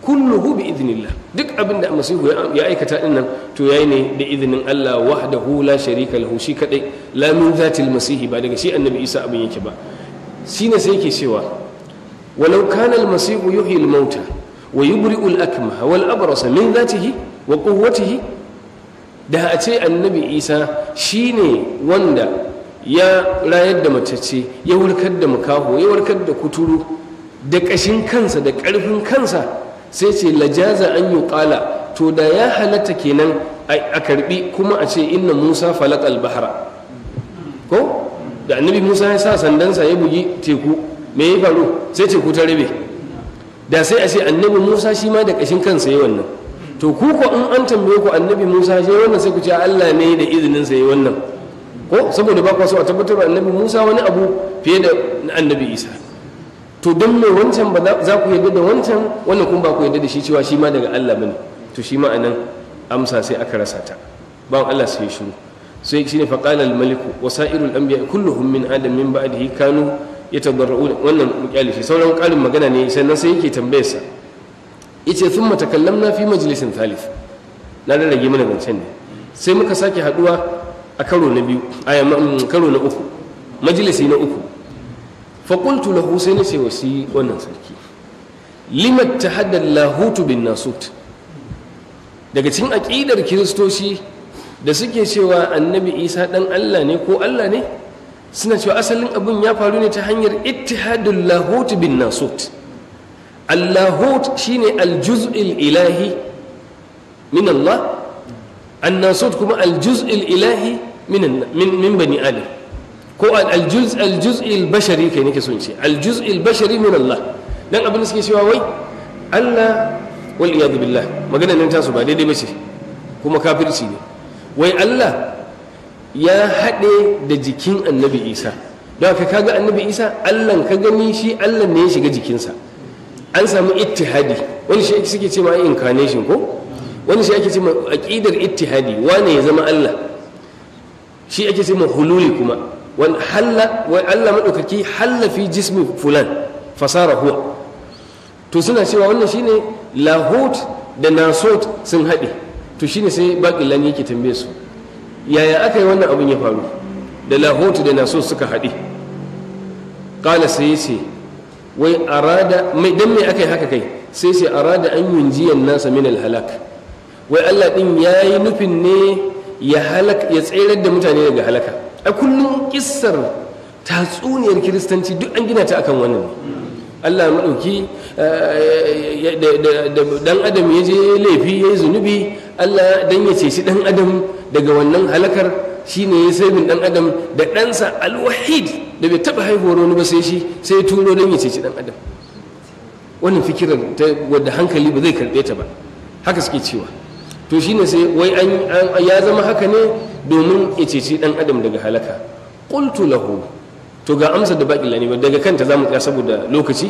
kulluhu bi idhnillah duk abinda almasihu ya aikata din nan to yayi ne da idhnin Allah wahdahu la sharika lahu shi kadai la min zati almasih ba daga shi annabi Isa abin yake ba shine sai ke cewa walau kana almasih yuhyi almauta wa yubri'ul akmaha wal abrasa min wa da a ce annabi isa shi ne wanda ya rayar da matacce ya warkar da makaho ya warkar da kuturu da ƙashin kansa da ƙarfin kansa sai ce lajaza an yi ƙala to da ya halatta kenan a karbi kuma a ce inna musa falak albahara ko da annabi musa ya sa sandansa ya bugi teku me ya faru sai teku ta rabe da sai a ce annabi musa shi ma da ƙashin kansa yi wannan to ku ko in an tambaye ku annabi musa shi wannan sai ku ce allah ne da izinin sa yi wannan ko saboda ba ku so a tabbatar annabi musa wani abu fiye da annabi isa to don me wancan ba za ku yarda da wancan wannan kuma ba ku yarda da shi cewa shi ma daga allah bane to shi ma anan amsa sai aka rasa ta bawan allah sai shiru sai shine faqala al maliku wa sa'irul anbiya kulluhum min adam min ba'dihi kanu ya tabbara wannan mukyali shi sauran ƙarin magana ne sannan sai yake tambayarsa yace matakallam takallamna fi majalisin thalith na rarrage mana zancen ne sai muka sake haduwa a karo na biyu a mm, karo na uku majalisi na uku faƙultu lahu sai na ce wasi wannan sarki limat ta haddar lahutu bin nasut daga cikin aƙidar kiristoci da suke cewa annabi isa ɗan allah ne ko allah ne suna cewa asalin abin ya faru ne ta hanyar ittihadul lahut bin nasut allahut shine aljuz'il ilahi min Allah annasut kuma aljuz'il ilahi min bani adam ko aljuz aljuz'il bashari kai nake son ce aljuz'il bashari min Allah dan abin da suke cewa wai Allah wal iyad billah magana nan tasu ba daidai bace kuma kafirci ne wai Allah ya haɗe da jikin annabi isa don ka kaga annabi isa allan ka gani shi allan ne ya shiga jikinsa an samu ittihadi wani shi suke ce incarnation ko wani shi ake ce ma aqidar ittihadi wane ya zama allah shi ake ce hululi kuma wani halla wai allah madaukaki halla fi jismi fulan fasara huwa to suna cewa wannan shine lahut da nasot sun haɗe to shine sai Lani yake tambaye su yaya aka yi wannan abin ya faru da lahotu da naso suka haɗe ƙala sai ce wai arada mai dan mai aka yi haka kai sai ce arada an jiyan nasa min alhalak. wai Allah ɗin ya yi nufin ne ya halak ya tsayar da mutane daga halaka a kullum kissar tatsuniyar kiristanci duk an gina ta akan wannan allah maɗauki eh, dan adam ya je laifi ya yi zunubi allah dan ya ceci dan adam daga wannan halakar shine ya sabin dan adam da ɗansa alwahid da bai taɓa haihuwar wani ba sai shi sai turo dan ya ceci dan adam wannan fikirar ta wadda hankali ba zai karɓe ta ba haka suke cewa to shine sai wai ya zama haka ne domin ya ceci dan adam daga halaka qultu lahu to ga amsar da baƙila ba daga kanta za mu kira saboda lokaci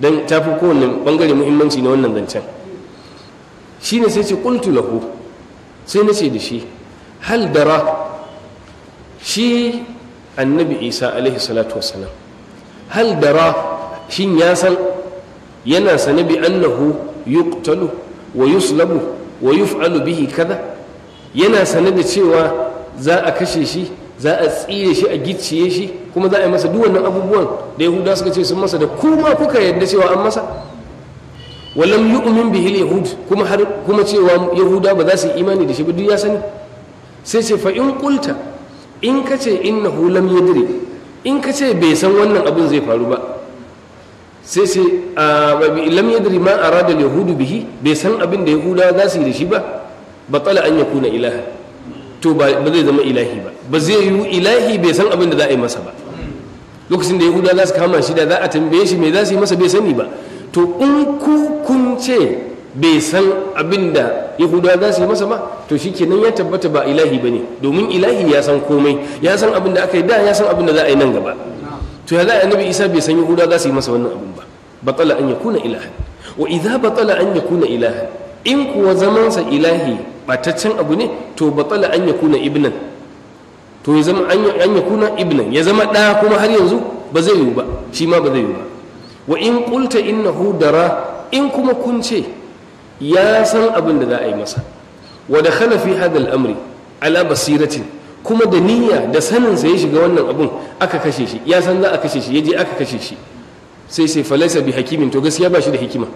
don ta fi kowanne ɓangare muhimmanci na wannan zancen shi ne sai ce ƙultu lahu sai na ce da shi hal dara shi annabi isa alaihi salatu wasalam hal dara shin ya san yana sane bi annahu yuqtalu wa yuslabu wa yuf'alu bihi kaza yana sane da cewa za a kashe shi za a tsire shi a gicciye shi kuma za a yi masa duk abubuwan da yahuda suka ce sun masa da kuma kuka yadda cewa an masa walam yu'min bihi yahud kuma har kuma cewa yahuda ba za su yi imani da shi ba duk ya sani sai ce fa in qulta in kace innahu lam yadri in kace bai san wannan abin zai faru ba sai ce lam yadri ma arada yahudu bihi bai san abin da yahuda za su yi da shi ba batala an yakuna ilaha to ba zai zama ilahi ba ba zai yiwu ilahi bai san abin da za a yi masa ba lokacin da yahuda za su kama shi da za a tambaye shi mai za su yi masa bai sani ba to in ku kun ce bai san abin da yahuda za su yi masa ba to shi kenan ya tabbata ba ilahi ba ne domin ilahi ya san komai ya san abin da aka yi da ya san abin da za a yi nan gaba to ya za a nabi isa bai san yahuda za su yi masa wannan abin ba batala an ya kuna ilahi? wa idza batala an ya kuna ilahi? in kuwa zamansa ilahi bataccen abu ne to batsala an ibnan to ya zama an ibnan ya zama ɗa kuma har yanzu ba zai yiwu ba shi ma ba zai yiwu ba wa in inna innahu dara in kuma kun ce ya san abin da za a yi masa wa dakhala fi hadha al ala basiratin kuma da niyya da sanin sa ya shiga wannan abun aka kashe shi ya san za a kashe shi je aka kashe shi sai sai falaisa bi hakimin to gaskiya ba shi da hikima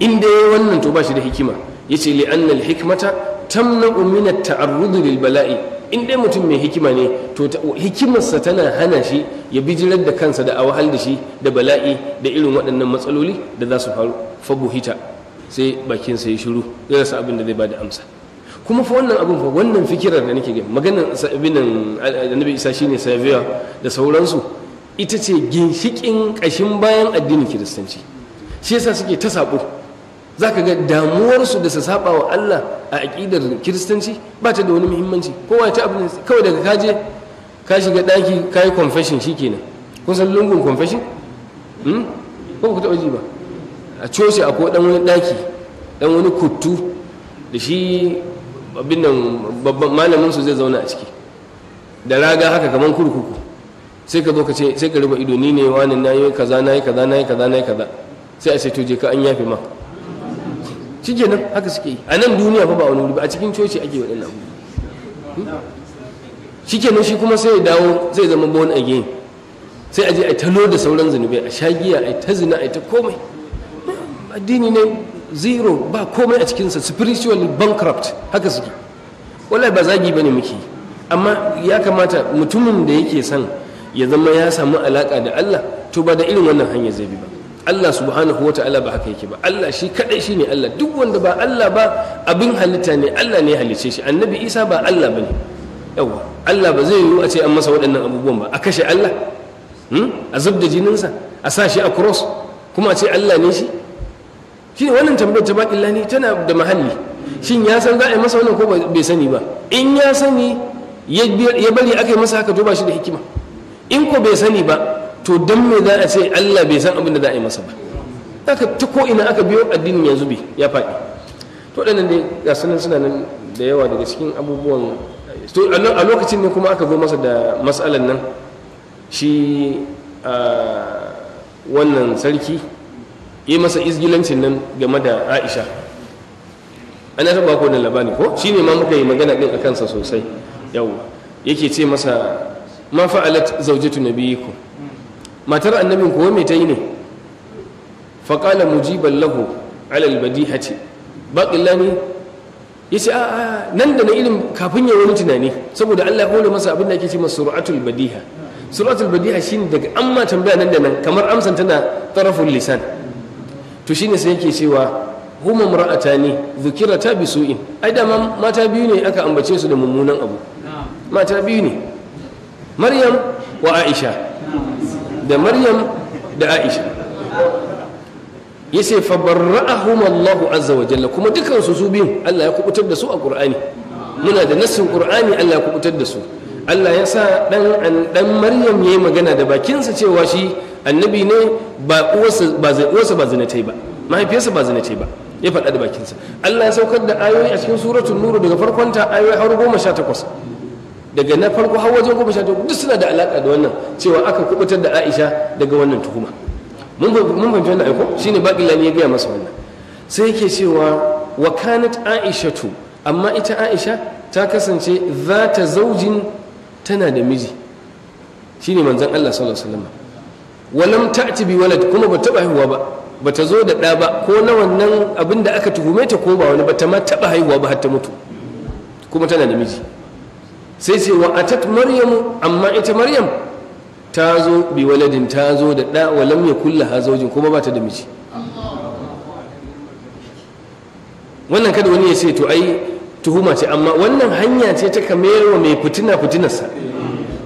in dai wannan to ba shi da hikima yace li annal hikmata tamna'u min at-ta'arrud lil bala'i in dai mutum mai hikima ne to hikimarsa tana hana shi ya bijirar da kansa da a wahal da shi da bala'i da irin waɗannan matsaloli da za su faru hita sai bakin sa ya shiru zai rasa abin da zai bada amsa kuma fa wannan abin fa wannan fikirar da nake gani maganar sabinan annabi isa shine saviya da sauransu ita ce ginshikin ƙashin bayan addinin kiristanci shi yasa suke ta sabo za ka ga damuwarsu da su saba wa Allah a aƙidar kiristanci ba ta da wani muhimmanci kowa ta abin kawai daga kaje ka shiga ɗaki ka yi confession shi kenan kun san lungun confession hmm? ko ku taɓa ji ba a coci akwai ɗan wani ɗaki ɗan wani kuttu da shi abin nan babban malamin su zai zauna a ciki da raga haka kamar kurkuku sai ka zo ka ce sai ka ruba ido ni ne wani na yi kaza na yi kaza na yi kaza na yi kaza sai a ce to je ka an yafe ma nan haka suke yi a nan duniya fa ba wani wuri ba a cikin coci ake waɗannan abubuwa hmm? shikenan shi kuma sai ya dawo zai zama born again sai aje a talo da sauran zunubai a sha a ta zina a ta komai addini ne zero ba komai a cikinsa spiritually bankrupt haka suke wallahi ba zagi bane muke amma ya kamata mutumin da yake son ya zama ya samu alaka da Allah to ba da irin wannan hanyar zai bi ba Allah subhanahu wa ta'ala ba haka yake ba Allah shi kadai shi ne Allah duk wanda ba Allah ba abin halitta ne Allah ne ya halice shi annabi Isa ba Allah ba ne yawa Allah ba zai yiwu a ce an masa waɗannan abubuwan ba a kashe Allah hmm? a zub da jininsa a sa shi a cross kuma a ce Allah ne shi shi ne wannan tambayar ta baƙin lani tana da mahalli shin ya san za a yi masa wannan ko bai sani ba in ya sani ya bari aka yi masa haka to ba shi da hikima in ko bai sani ba to don me za a ce Allah bai san abin da za yi masa ba aka ta ko ina aka biyo addinin yanzu zube ya faɗi to ɗanan dai ga sunan suna nan da yawa daga cikin abubuwan to a lokacin ne kuma aka zo masa da matsalan nan shi ah, wannan sarki ya masa izgilancin nan game da aisha an ya ko kodin labari ko shi ne ma muka yi magana ɗin a kansa sosai yau yake ce masa ma fa'alat zaujatu nabiyikum matar annabin kuwa mai ta yi ne faƙala mujiban lahu alal badihati baƙilla ne ya ce nan da na irin kafin ya wani tunani saboda Allah ya masa abin da ake ce masa sur'atul badiha sur'atul badiha shine daga an ma tambaya nan da nan kamar amsan tana taraful lisan to shine sai yake cewa huma mar'atani ta bi su'in ai da mata biyu ne aka ambace su da mummunan abu mata biyu ne maryam wa aisha da maryam da aisha yace fa barra'ahum azza wa jalla kuma dukan su su biyu Allah ya kubutar da su a Qur'ani muna da nassin Qur'ani Allah ya kubutar da su Allah ya sa dan dan Maryam yayi magana da bakinsa cewa shi annabi ne ba uwarsa ba uwarsa ba zina ba mahaifiyarsa ba zina ba ya faɗa da bakinsa Allah ya saukar da ayoyi a cikin suratun nur daga farkon ta ayoyi har goma sha takwas daga na farko har wajen goma sha duk suna da alaka da wannan cewa aka kubutar da aisha daga wannan tuhuma mun fahimci wannan aiko shine lani ya gaya masa wannan sai yake cewa wa kanat tu, amma ita aisha ta kasance za ta zaujin tana da miji shine manzon Allah sallallahu alaihi wasallam walam ta'ti bi walad kuma ba taba haihuwa ba Ba ta zo da ɗa ba ko na wannan abin da aka tuhume ta ko ba wani ba ta ma taba haihuwa ba har ta mutu kuma tana da miji sai sai wa atat maryamu amma ita maryam ta zo bi waladin ta zo da da walam ya kulla ha zaujin kuma ba ta da miji wannan kada wani ya ce to ai tuhuma ce amma wannan hanya ce ta wa mai fitina fitinarsa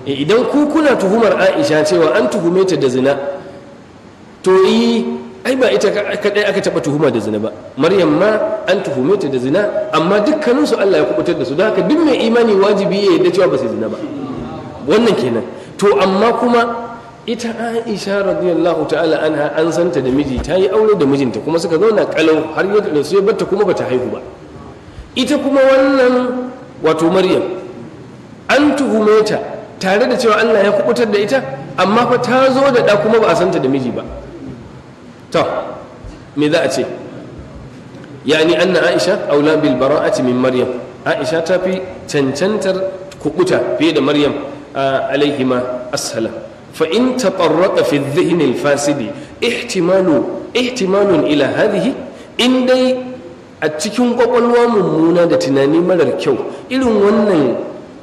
eh, idan ku kuna tuhumar aisha cewa an tuhume ta da zina to yi ai ba ita kadai aka taba tuhuma da zina ba maryam ma an tuhume ta da zina amma dukkaninsu Allah ya kubutar da su don haka duk mai imani wajibi ya yadda cewa ba su zina ba wannan kenan to amma kuma ita aisha radiyallahu ta'ala anha an santa da miji ta yi aure da mijinta kuma suka zauna kalau har yadda da su ya batta kuma bata haihu ba ita kuma wannan wato maryam an tuhume ta tare da cewa Allah ya kubutar da ita amma fa ta zo da ɗa kuma ba a santa da miji ba to me za a ce yani anna aisha aula bil bara'ati min maryam aisha ta fi cancantar kukuta fiye da maryam a alaihima assalam fa in tafarraqa fi dhihni al fasidi ihtimalu ihtimalun ila hadhihi in dai a cikin kwakwalwa mummuna da tunani marar kyau irin wannan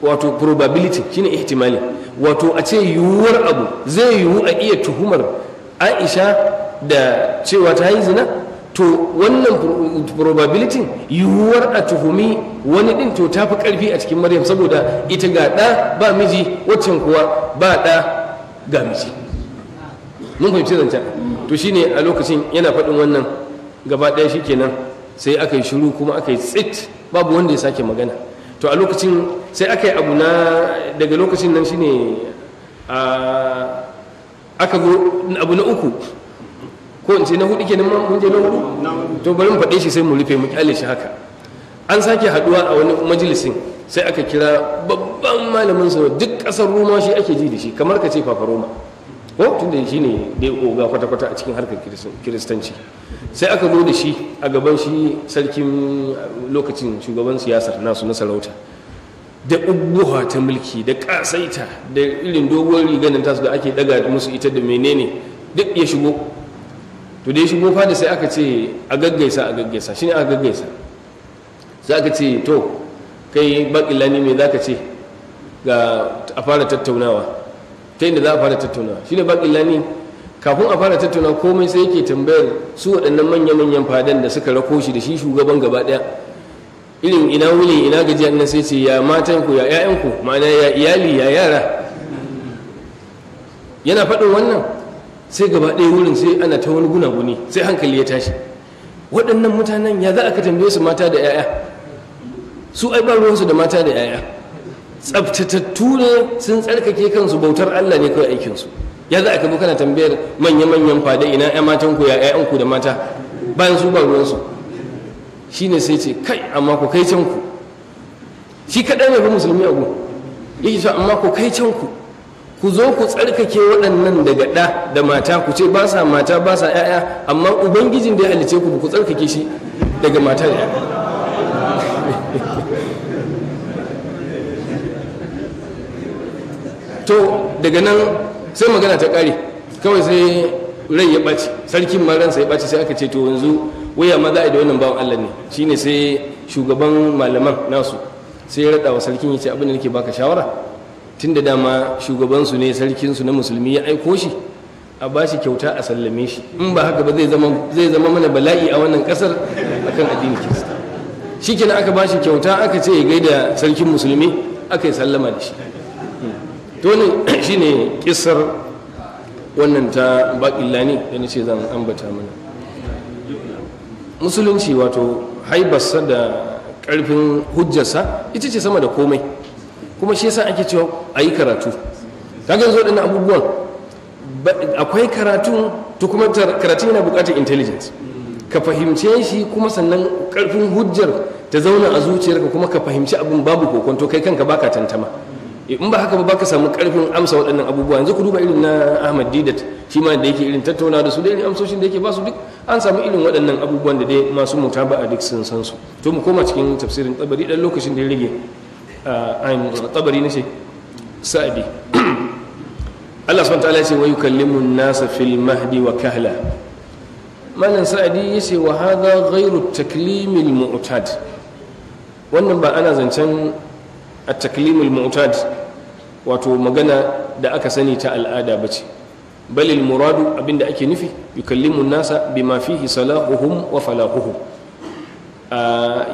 wato probability shine ihtimali wato a ce yiwuwar abu zai yiwu a iya tuhumar aisha da cewa ta yi zina to wannan probability yiwuwar a tuhumi wani din to ta fi karfi a cikin maryam saboda ita ga ɗa ba miji waccan kuwa ba ɗa ga miji mun fahimci zancen to shine a lokacin yana faɗin wannan gaba ɗaya shikenan sai aka yi shiru kuma aka yi tsit babu wanda ya sake magana to a lokacin sai aka yi abu na daga lokacin nan shine ah, aka abu na uku ko in ce na hudu kenan mun je na hudu to bari mu faɗe shi sai mu rufe mu kyale shi haka an sake haduwa a wani majalisin sai aka kira babban malamin sa duk kasar roma shi ake ji da shi kamar ka ce papa roma ko da shi ne da oga kwata-kwata a cikin harkar kiristanci sai aka zo da shi a gaban shi sarkin lokacin shugaban siyasar nasu na sarauta da ubuwa ta mulki da kasaita da irin doguwar riganin tasu da ake daga musu ita da menene duk ya shigo to dai shigo fada sai aka ce a gaggaisa a gaggaisa shi ne aka gaggaisa sai aka ce to kai bakila ne mai za ka ce ga a fara tattaunawa ta da za a fara tattaunawa shi ne bakila ne kafin a fara tattaunawa komai sai yake tambayar su waɗannan manya-manyan fadan da suka rako shi da shi shugaban gaba ɗaya irin ina wuli ina gajiya nan sai ce ya matan ku ya ƴaƴan ma'ana ya iyali ya yara yana faɗin wannan sai gaba ɗaya wurin sai ana ta wani gunaguni sai hankali ya tashi waɗannan mutanen ya za a ka tambaye su mata da 'ya'ya su ai ba ruwansu da mata da 'ya'ya tsaftatattu ne sun tsarkake kansu bautar allah ne kawai aikinsu ya za a ka kana tambayar manya-manyan fada ina 'ya matanku ya 'ya'yanku da mata bayan su ba ruwansu shi ne sai ce kai amma ku kai can ku shi kaɗai ne fa musulmi a gu yake cewa amma ku kai can ku ku zo ku tsarkake waɗannan daga ɗa da mata ku ce ba sa mata ba sa ‘ya'ya amma ubangijin da ya halice ku ku tsarkake shi daga mata da ‘ya'ya to daga nan sai magana ta ƙare kawai sai rai ya ɓaci sarkin ma ransa ya ɓaci sai aka ce to yanzu waya ma za a yi da wannan bawan Allah ne shine sai shugaban malaman nasu sai ya raɗa wa sarkin ya ce abin da nake baka shawara tun da dama shugabansu ne sarkinsu na musulmi ya aiko shi a ba shi kyauta a sallame shi in ba haka ba zai zama mana bala'i a wannan kasar akan addinin kirista shi kenan aka ba shi kyauta aka ce ya gaida sarkin musulmi aka yi sallama da shi to ne shi ne kisar wannan ta baƙin ne da ce zan ambata mana musulunci wato haibarsa da ƙarfin hujjarsa ita ce sama da komai kuma shi yasa ake cewa a yi karatu kaga yanzu waɗannan abubuwan akwai karatun to kuma karatu yana buƙatar intelligence ka fahimce shi kuma sannan ƙarfin hujjar ta zauna a zuciyarka kuma ka fahimci abin babu kokonto kai kanka baka tantama in ba haka ba baka samu ƙarfin amsa waɗannan abubuwa yanzu ku duba irin na Ahmad Didat shi ma da yake irin tattauna da su da irin amsoshin da yake ba su duk an samu irin waɗannan abubuwan da dai masu a duk sun san su to mu koma cikin tafsirin tsabari dan lokacin da ya rage tabari na ce sa'adi Allah subhanahu ta'ala ce wa yukallimu an-nasa fil mahdi wa kahla malan sa'adi yace wa hadha ghayru at-taklim al-mu'tad wannan ba ana zancen at-taklim al-mu'tad wato magana da aka sani ta al'ada bace bal al-muradu abinda ake nufi yukallimu an-nasa bima fihi salahuhum wa falahuhum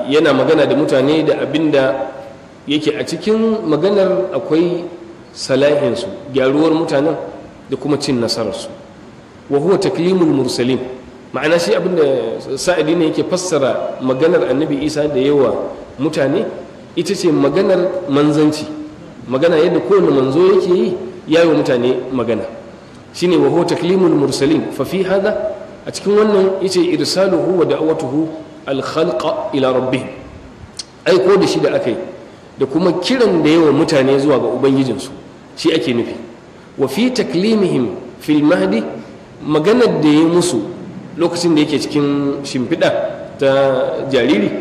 yana magana da mutane da abinda yake a cikin maganar akwai salahinsu gyaruwar mutanen da kuma cin nasararsu wa huwa taklimul mursalin ma'ana shi abinda sa'adi ne yake fassara maganar annabi isa da yawa mutane ita ce maganar manzanci magana yadda kowane manzo yake yi ya yi mutane magana shine wa huwa taklimul mursalin fa fi hada a cikin wannan yace irsaluhu wa da'awatuhu al khalqa ila rabbih aiko da shi da aka yi da kuma kiran da yawa mutane zuwa ga ubangijinsu shi ake nufi wa fi taklimihim fil mahdi maganar da ya musu lokacin da yake cikin shimfiɗa ta jariri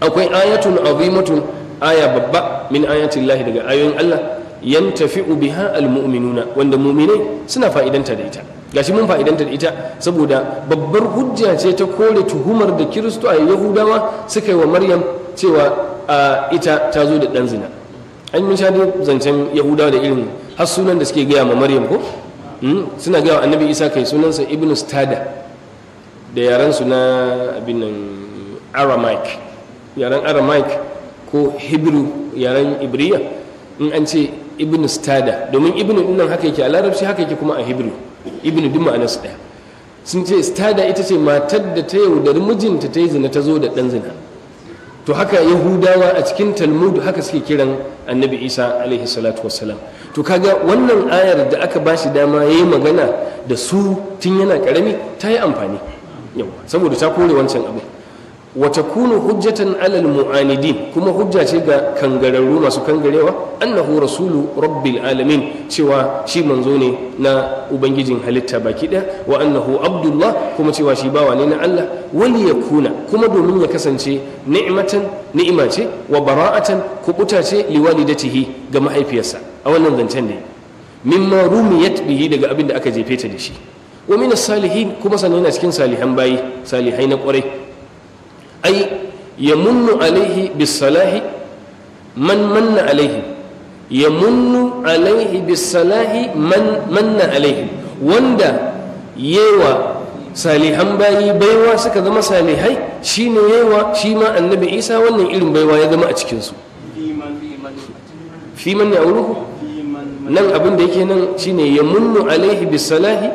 akwai ayatun azimatun aya babba min ayatin lahi daga ayoyin Allah yan tafi biha almu'minuna wanda muminai suna fa'idanta da ita gashi mun fa'idanta da ita saboda babbar hujja ce ta kore tuhumar da kiristo a yahudawa suka yi wa maryam cewa a ita ta zo da ɗan zina an yi sha zancen yahudawa da irin har sunan da suke gaya ma maryam ko hmm? suna gaya wa annabi isa kai sunansa ibn stada da yarensu na abin nan aramaic yaren aramaic ko hebrew yaren ibriya in an ce ibn stada domin ibn dinnan haka yake a larabci haka yake kuma a hebrew ibnu duk ma'anarsu ɗaya sun ce stada ita ce matar da ta yaudari mijinta ta yi zina ta zo da ɗan zina to haka yahudawa a cikin talmud haka suke kiran annabi isa alaihi salatu wassalam to kaga wannan ayar da aka bashi dama ya yi magana da su tun yana karami ta yi amfani Yau saboda ta kore wancan abu Wata kunu hujjatan alal mu'anidin kuma hujja ce ga kangararru masu kangarewa annahu rasulu rabbil alamin cewa shi manzo ne na ubangijin halitta baki daya wa annahu abdullah kuma cewa shi bawa ne na Allah wani ya kuna kuma domin ya kasance ni'matan ni'ima ce wa bara'atan kubuta ce liwalidatihi ga mahaifiyarsa a wannan zancen ne mimma rumiyat bihi daga abin da aka jefe ta da shi wa min salihin kuma sannan yana cikin salihan bayi salihai na kwarai ai yamunnu alaihi bisalahi man manna alayhi yamunnu alaihi bisalahi man manna alayhi wanda yewa salihan bayi baiwa suka zama salihai shine yewa yawa shi ma annabi isa wannan irin baiwa ya zama a cikinsu fi man ya nan abin da yake nan shine ya munnu alaihi bisalahi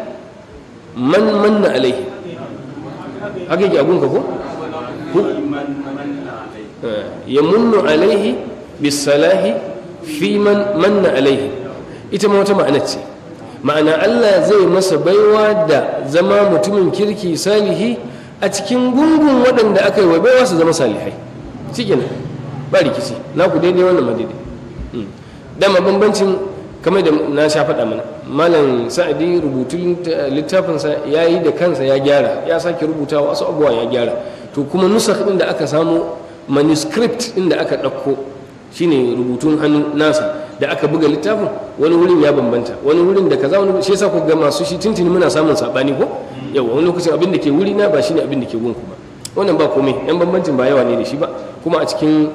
man manna alayhi haka yake abun ka ko Eh, ya munnu alaihi bisalahi fi man manna alaihi ita ma wata ma'ana ce ma'ana Allah zai masa baiwa da zama mutumin kirki salihi a cikin gungun waɗanda aka yi wa baiwa su zama salihai cikin ba rikici na ku daidai wannan madaidai hmm. dama bambancin kamar da na sha faɗa mana malam sa'adi rubutun eh, littafinsa ya yi da kansa ya gyara ya sake rubuta wasu abubuwa ya gyara to kuma nusakh ɗin da aka samu manuscript ɗin da aka ɗauko shine rubutun hannu nasa da aka buga littafin wani wurin ya bambanta wani wurin da kaza wani shi yasa ku ga masu shi tintini muna samun sabani ko yawa wani lokacin abin da ke wuri na ba shine abin da ke gunku ba wannan ba komai yan bambancin ba yawa ne da shi ba kuma a cikin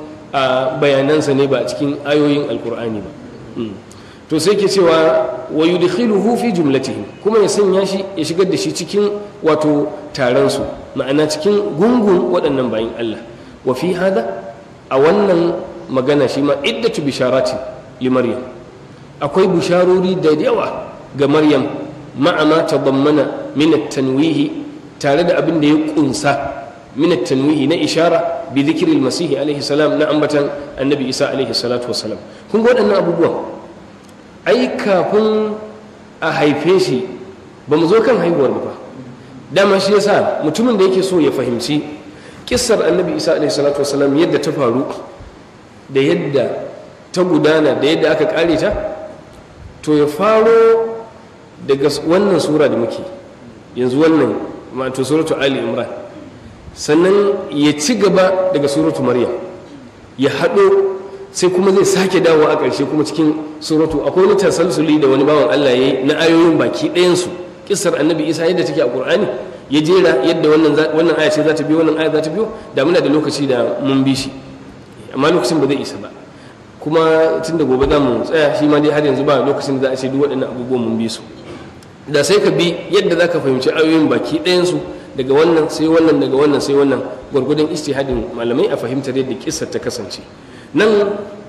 bayanansa ne ba a cikin ayoyin alkur'ani ba hmm. to sai ke cewa wa yudkhiluhu fi jumlatihim kuma ya sanya shi ya shigar da shi cikin wato taron su ma'ana cikin gungun waɗannan bayin Allah wa fi hada a wannan magana shi ma iddatu bisharati li maryam akwai bisharori da yawa ga maryam ma'ana ma tadammana min at tare da abin da ya kunsa min at na ishara bi dhikri al-masih Alayhi salam na ambatan annabi isa Alayhi salatu wasalam kun ga waɗannan abubuwan ai kafin a haife shi ba mu zo kan haihuwar ba dama shi yasa mutumin da yake so ya fahimci kissar annabi isa alaihi salatu wasalam yadda ta faru da yadda ta gudana da yadda aka kare ta to ya faro daga wannan sura da muke yanzu wannan wato suratu ali imran sannan ya ci gaba daga suratu maryam ya haɗo sai kuma zai sake dawo a ƙarshe kuma cikin suratu akwai wani tasalsuli da wani bawan Allah ya yi na ayoyin baki ɗayansu kissar annabi isa yadda take a ƙur'ani ya jera yadda wannan wannan aya ce za ta biyo wannan aya za ta biyo da muna da lokaci da mun bi shi amma lokacin ba zai isa ba kuma tun da gobe za mu tsaya shi ma dai har yanzu ba lokacin da za a ce duk waɗannan abubuwan mun bi su da sai ka bi yadda za ka fahimci ayoyin baki ɗayansu daga wannan sai wannan daga wannan sai wannan gwargwadon istihadin malamai a fahimtar yadda kissar ta kasance nan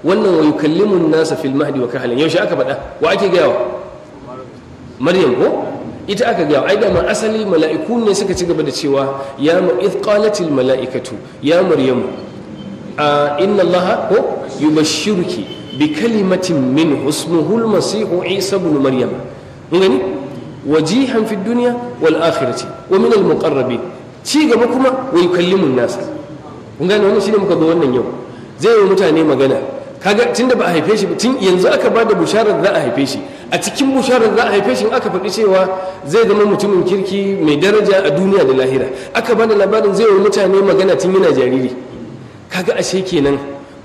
wannan wa yukallimun nasa fil mahdi wa kahalan yaushe aka faɗa wa ake gaya wa maryam ko ita aka gaya ai ma asali mala'iku ne suka ci gaba da cewa ya mu ithqalatil mala'ikatu ya maryam a inna allaha ko yubashshiruki bi kalimatin min ismuhu al-masih isa ibn maryam ngani wajihan fid dunya wal akhirati wa min al-muqarrabin ci gaba kuma wa yukallimun nasa kun gane wannan shine muka zo wannan yau zai yi mutane magana kaga da ba a haife shi tun yanzu aka ba da busharar za a haife shi a cikin busharar za a haife shi aka faɗi cewa zai zama mutumin kirki mai daraja a duniya da lahira aka ba da labarin zai yi mutane magana tun yana jariri kaga ashe kenan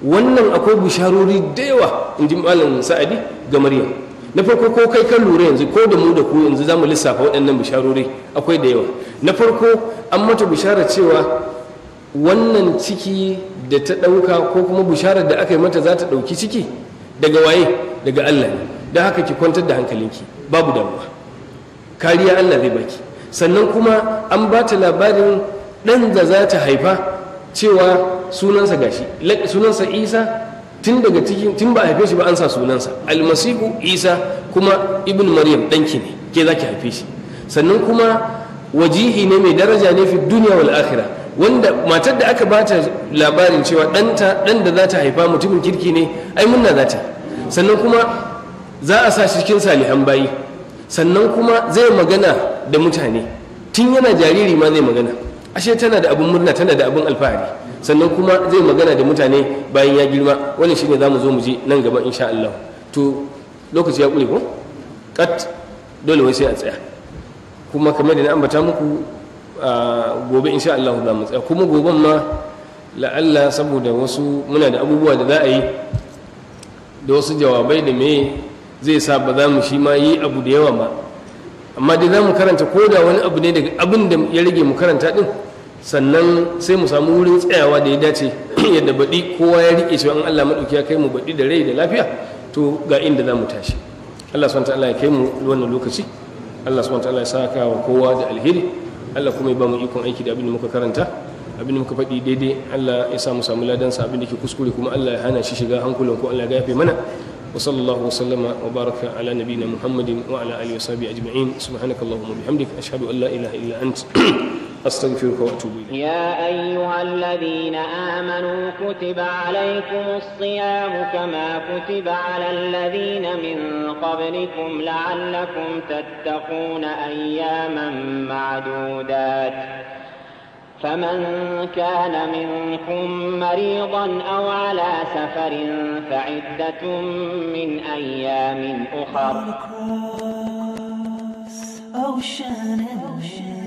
wannan akwai busharori da yawa in ji malam sa'adi ga maryam na farko ko kai kan lura yanzu ko da mu da ku yanzu za mu lissafa waɗannan busharori akwai da yawa na farko an mata bushara cewa wannan ciki da ta ɗauka ko kuma bisharar da aka yi mata za ta ɗauki ciki daga waye daga Allah ne don haka ki kwantar da hankalinki babu damuwa kariya Allah zai baki sannan kuma an ba ta labarin ɗan da za ta haifa cewa sunansa gashi sunansa isa tun daga cikin tun ba a haife shi ba an sa sunansa almasihu isa kuma ibn maryam ɗanki ne ke za ki haife shi sannan kuma wajihi ne mai daraja ne fi duniya wal akhirah wanda matar da aka bata labarin cewa ɗanta ɗan da za ta haifa mutumin kirki ne ai munna za ta sannan kuma za a sa cikin salihan bayi sannan kuma zai magana da mutane tun yana jariri ma zai magana ashe tana da abin murna tana da abin alfahari sannan kuma zai magana da mutane bayan ya girma wannan shine za mu zo mu je nan gaba insha Allah to lokaci ya kure ko kat dole wai sai a tsaya kuma kamar da na ambata muku gobe insha Allah za mu tsaya kuma gobe ma la'alla saboda wasu muna da abubuwa da za a yi da wasu jawabai da me zai sa ba za mu shi ma yi abu da yawa ba amma dai za mu karanta ko da wani abu ne daga abin da ya rage mu karanta din sannan sai mu samu wurin tsayawa da ya dace yadda baɗi kowa ya riƙe cewa an Allah maɗauki ya kai mu baɗi da rai da lafiya to ga inda za mu tashi Allah subhanahu wa ta'ala ya kai mu wannan lokaci Allah subhanahu wa ta'ala ya saka wa kowa da alheri Allah kuma ya ba mu ikon aiki da abin da muka karanta abin da muka faɗi daidai Allah ya samu samu ladansa abin da ke kuskure kuma Allah ya hana shi shiga hankulan ko Allah ya gafe mana wa sallallahu wa sallama wa baraka ala nabiyina Muhammadin wa ala alihi wa sahbihi ajma'in subhanakallahumma bihamdika ashhadu an la ilaha illa anta أستغفرك وأتوب إليك يا أيها الذين آمنوا كتب عليكم الصيام كما كتب على الذين من قبلكم لعلكم تتقون أياما معدودات فمن كان منكم مريضا أو على سفر فعدة من أيام أخر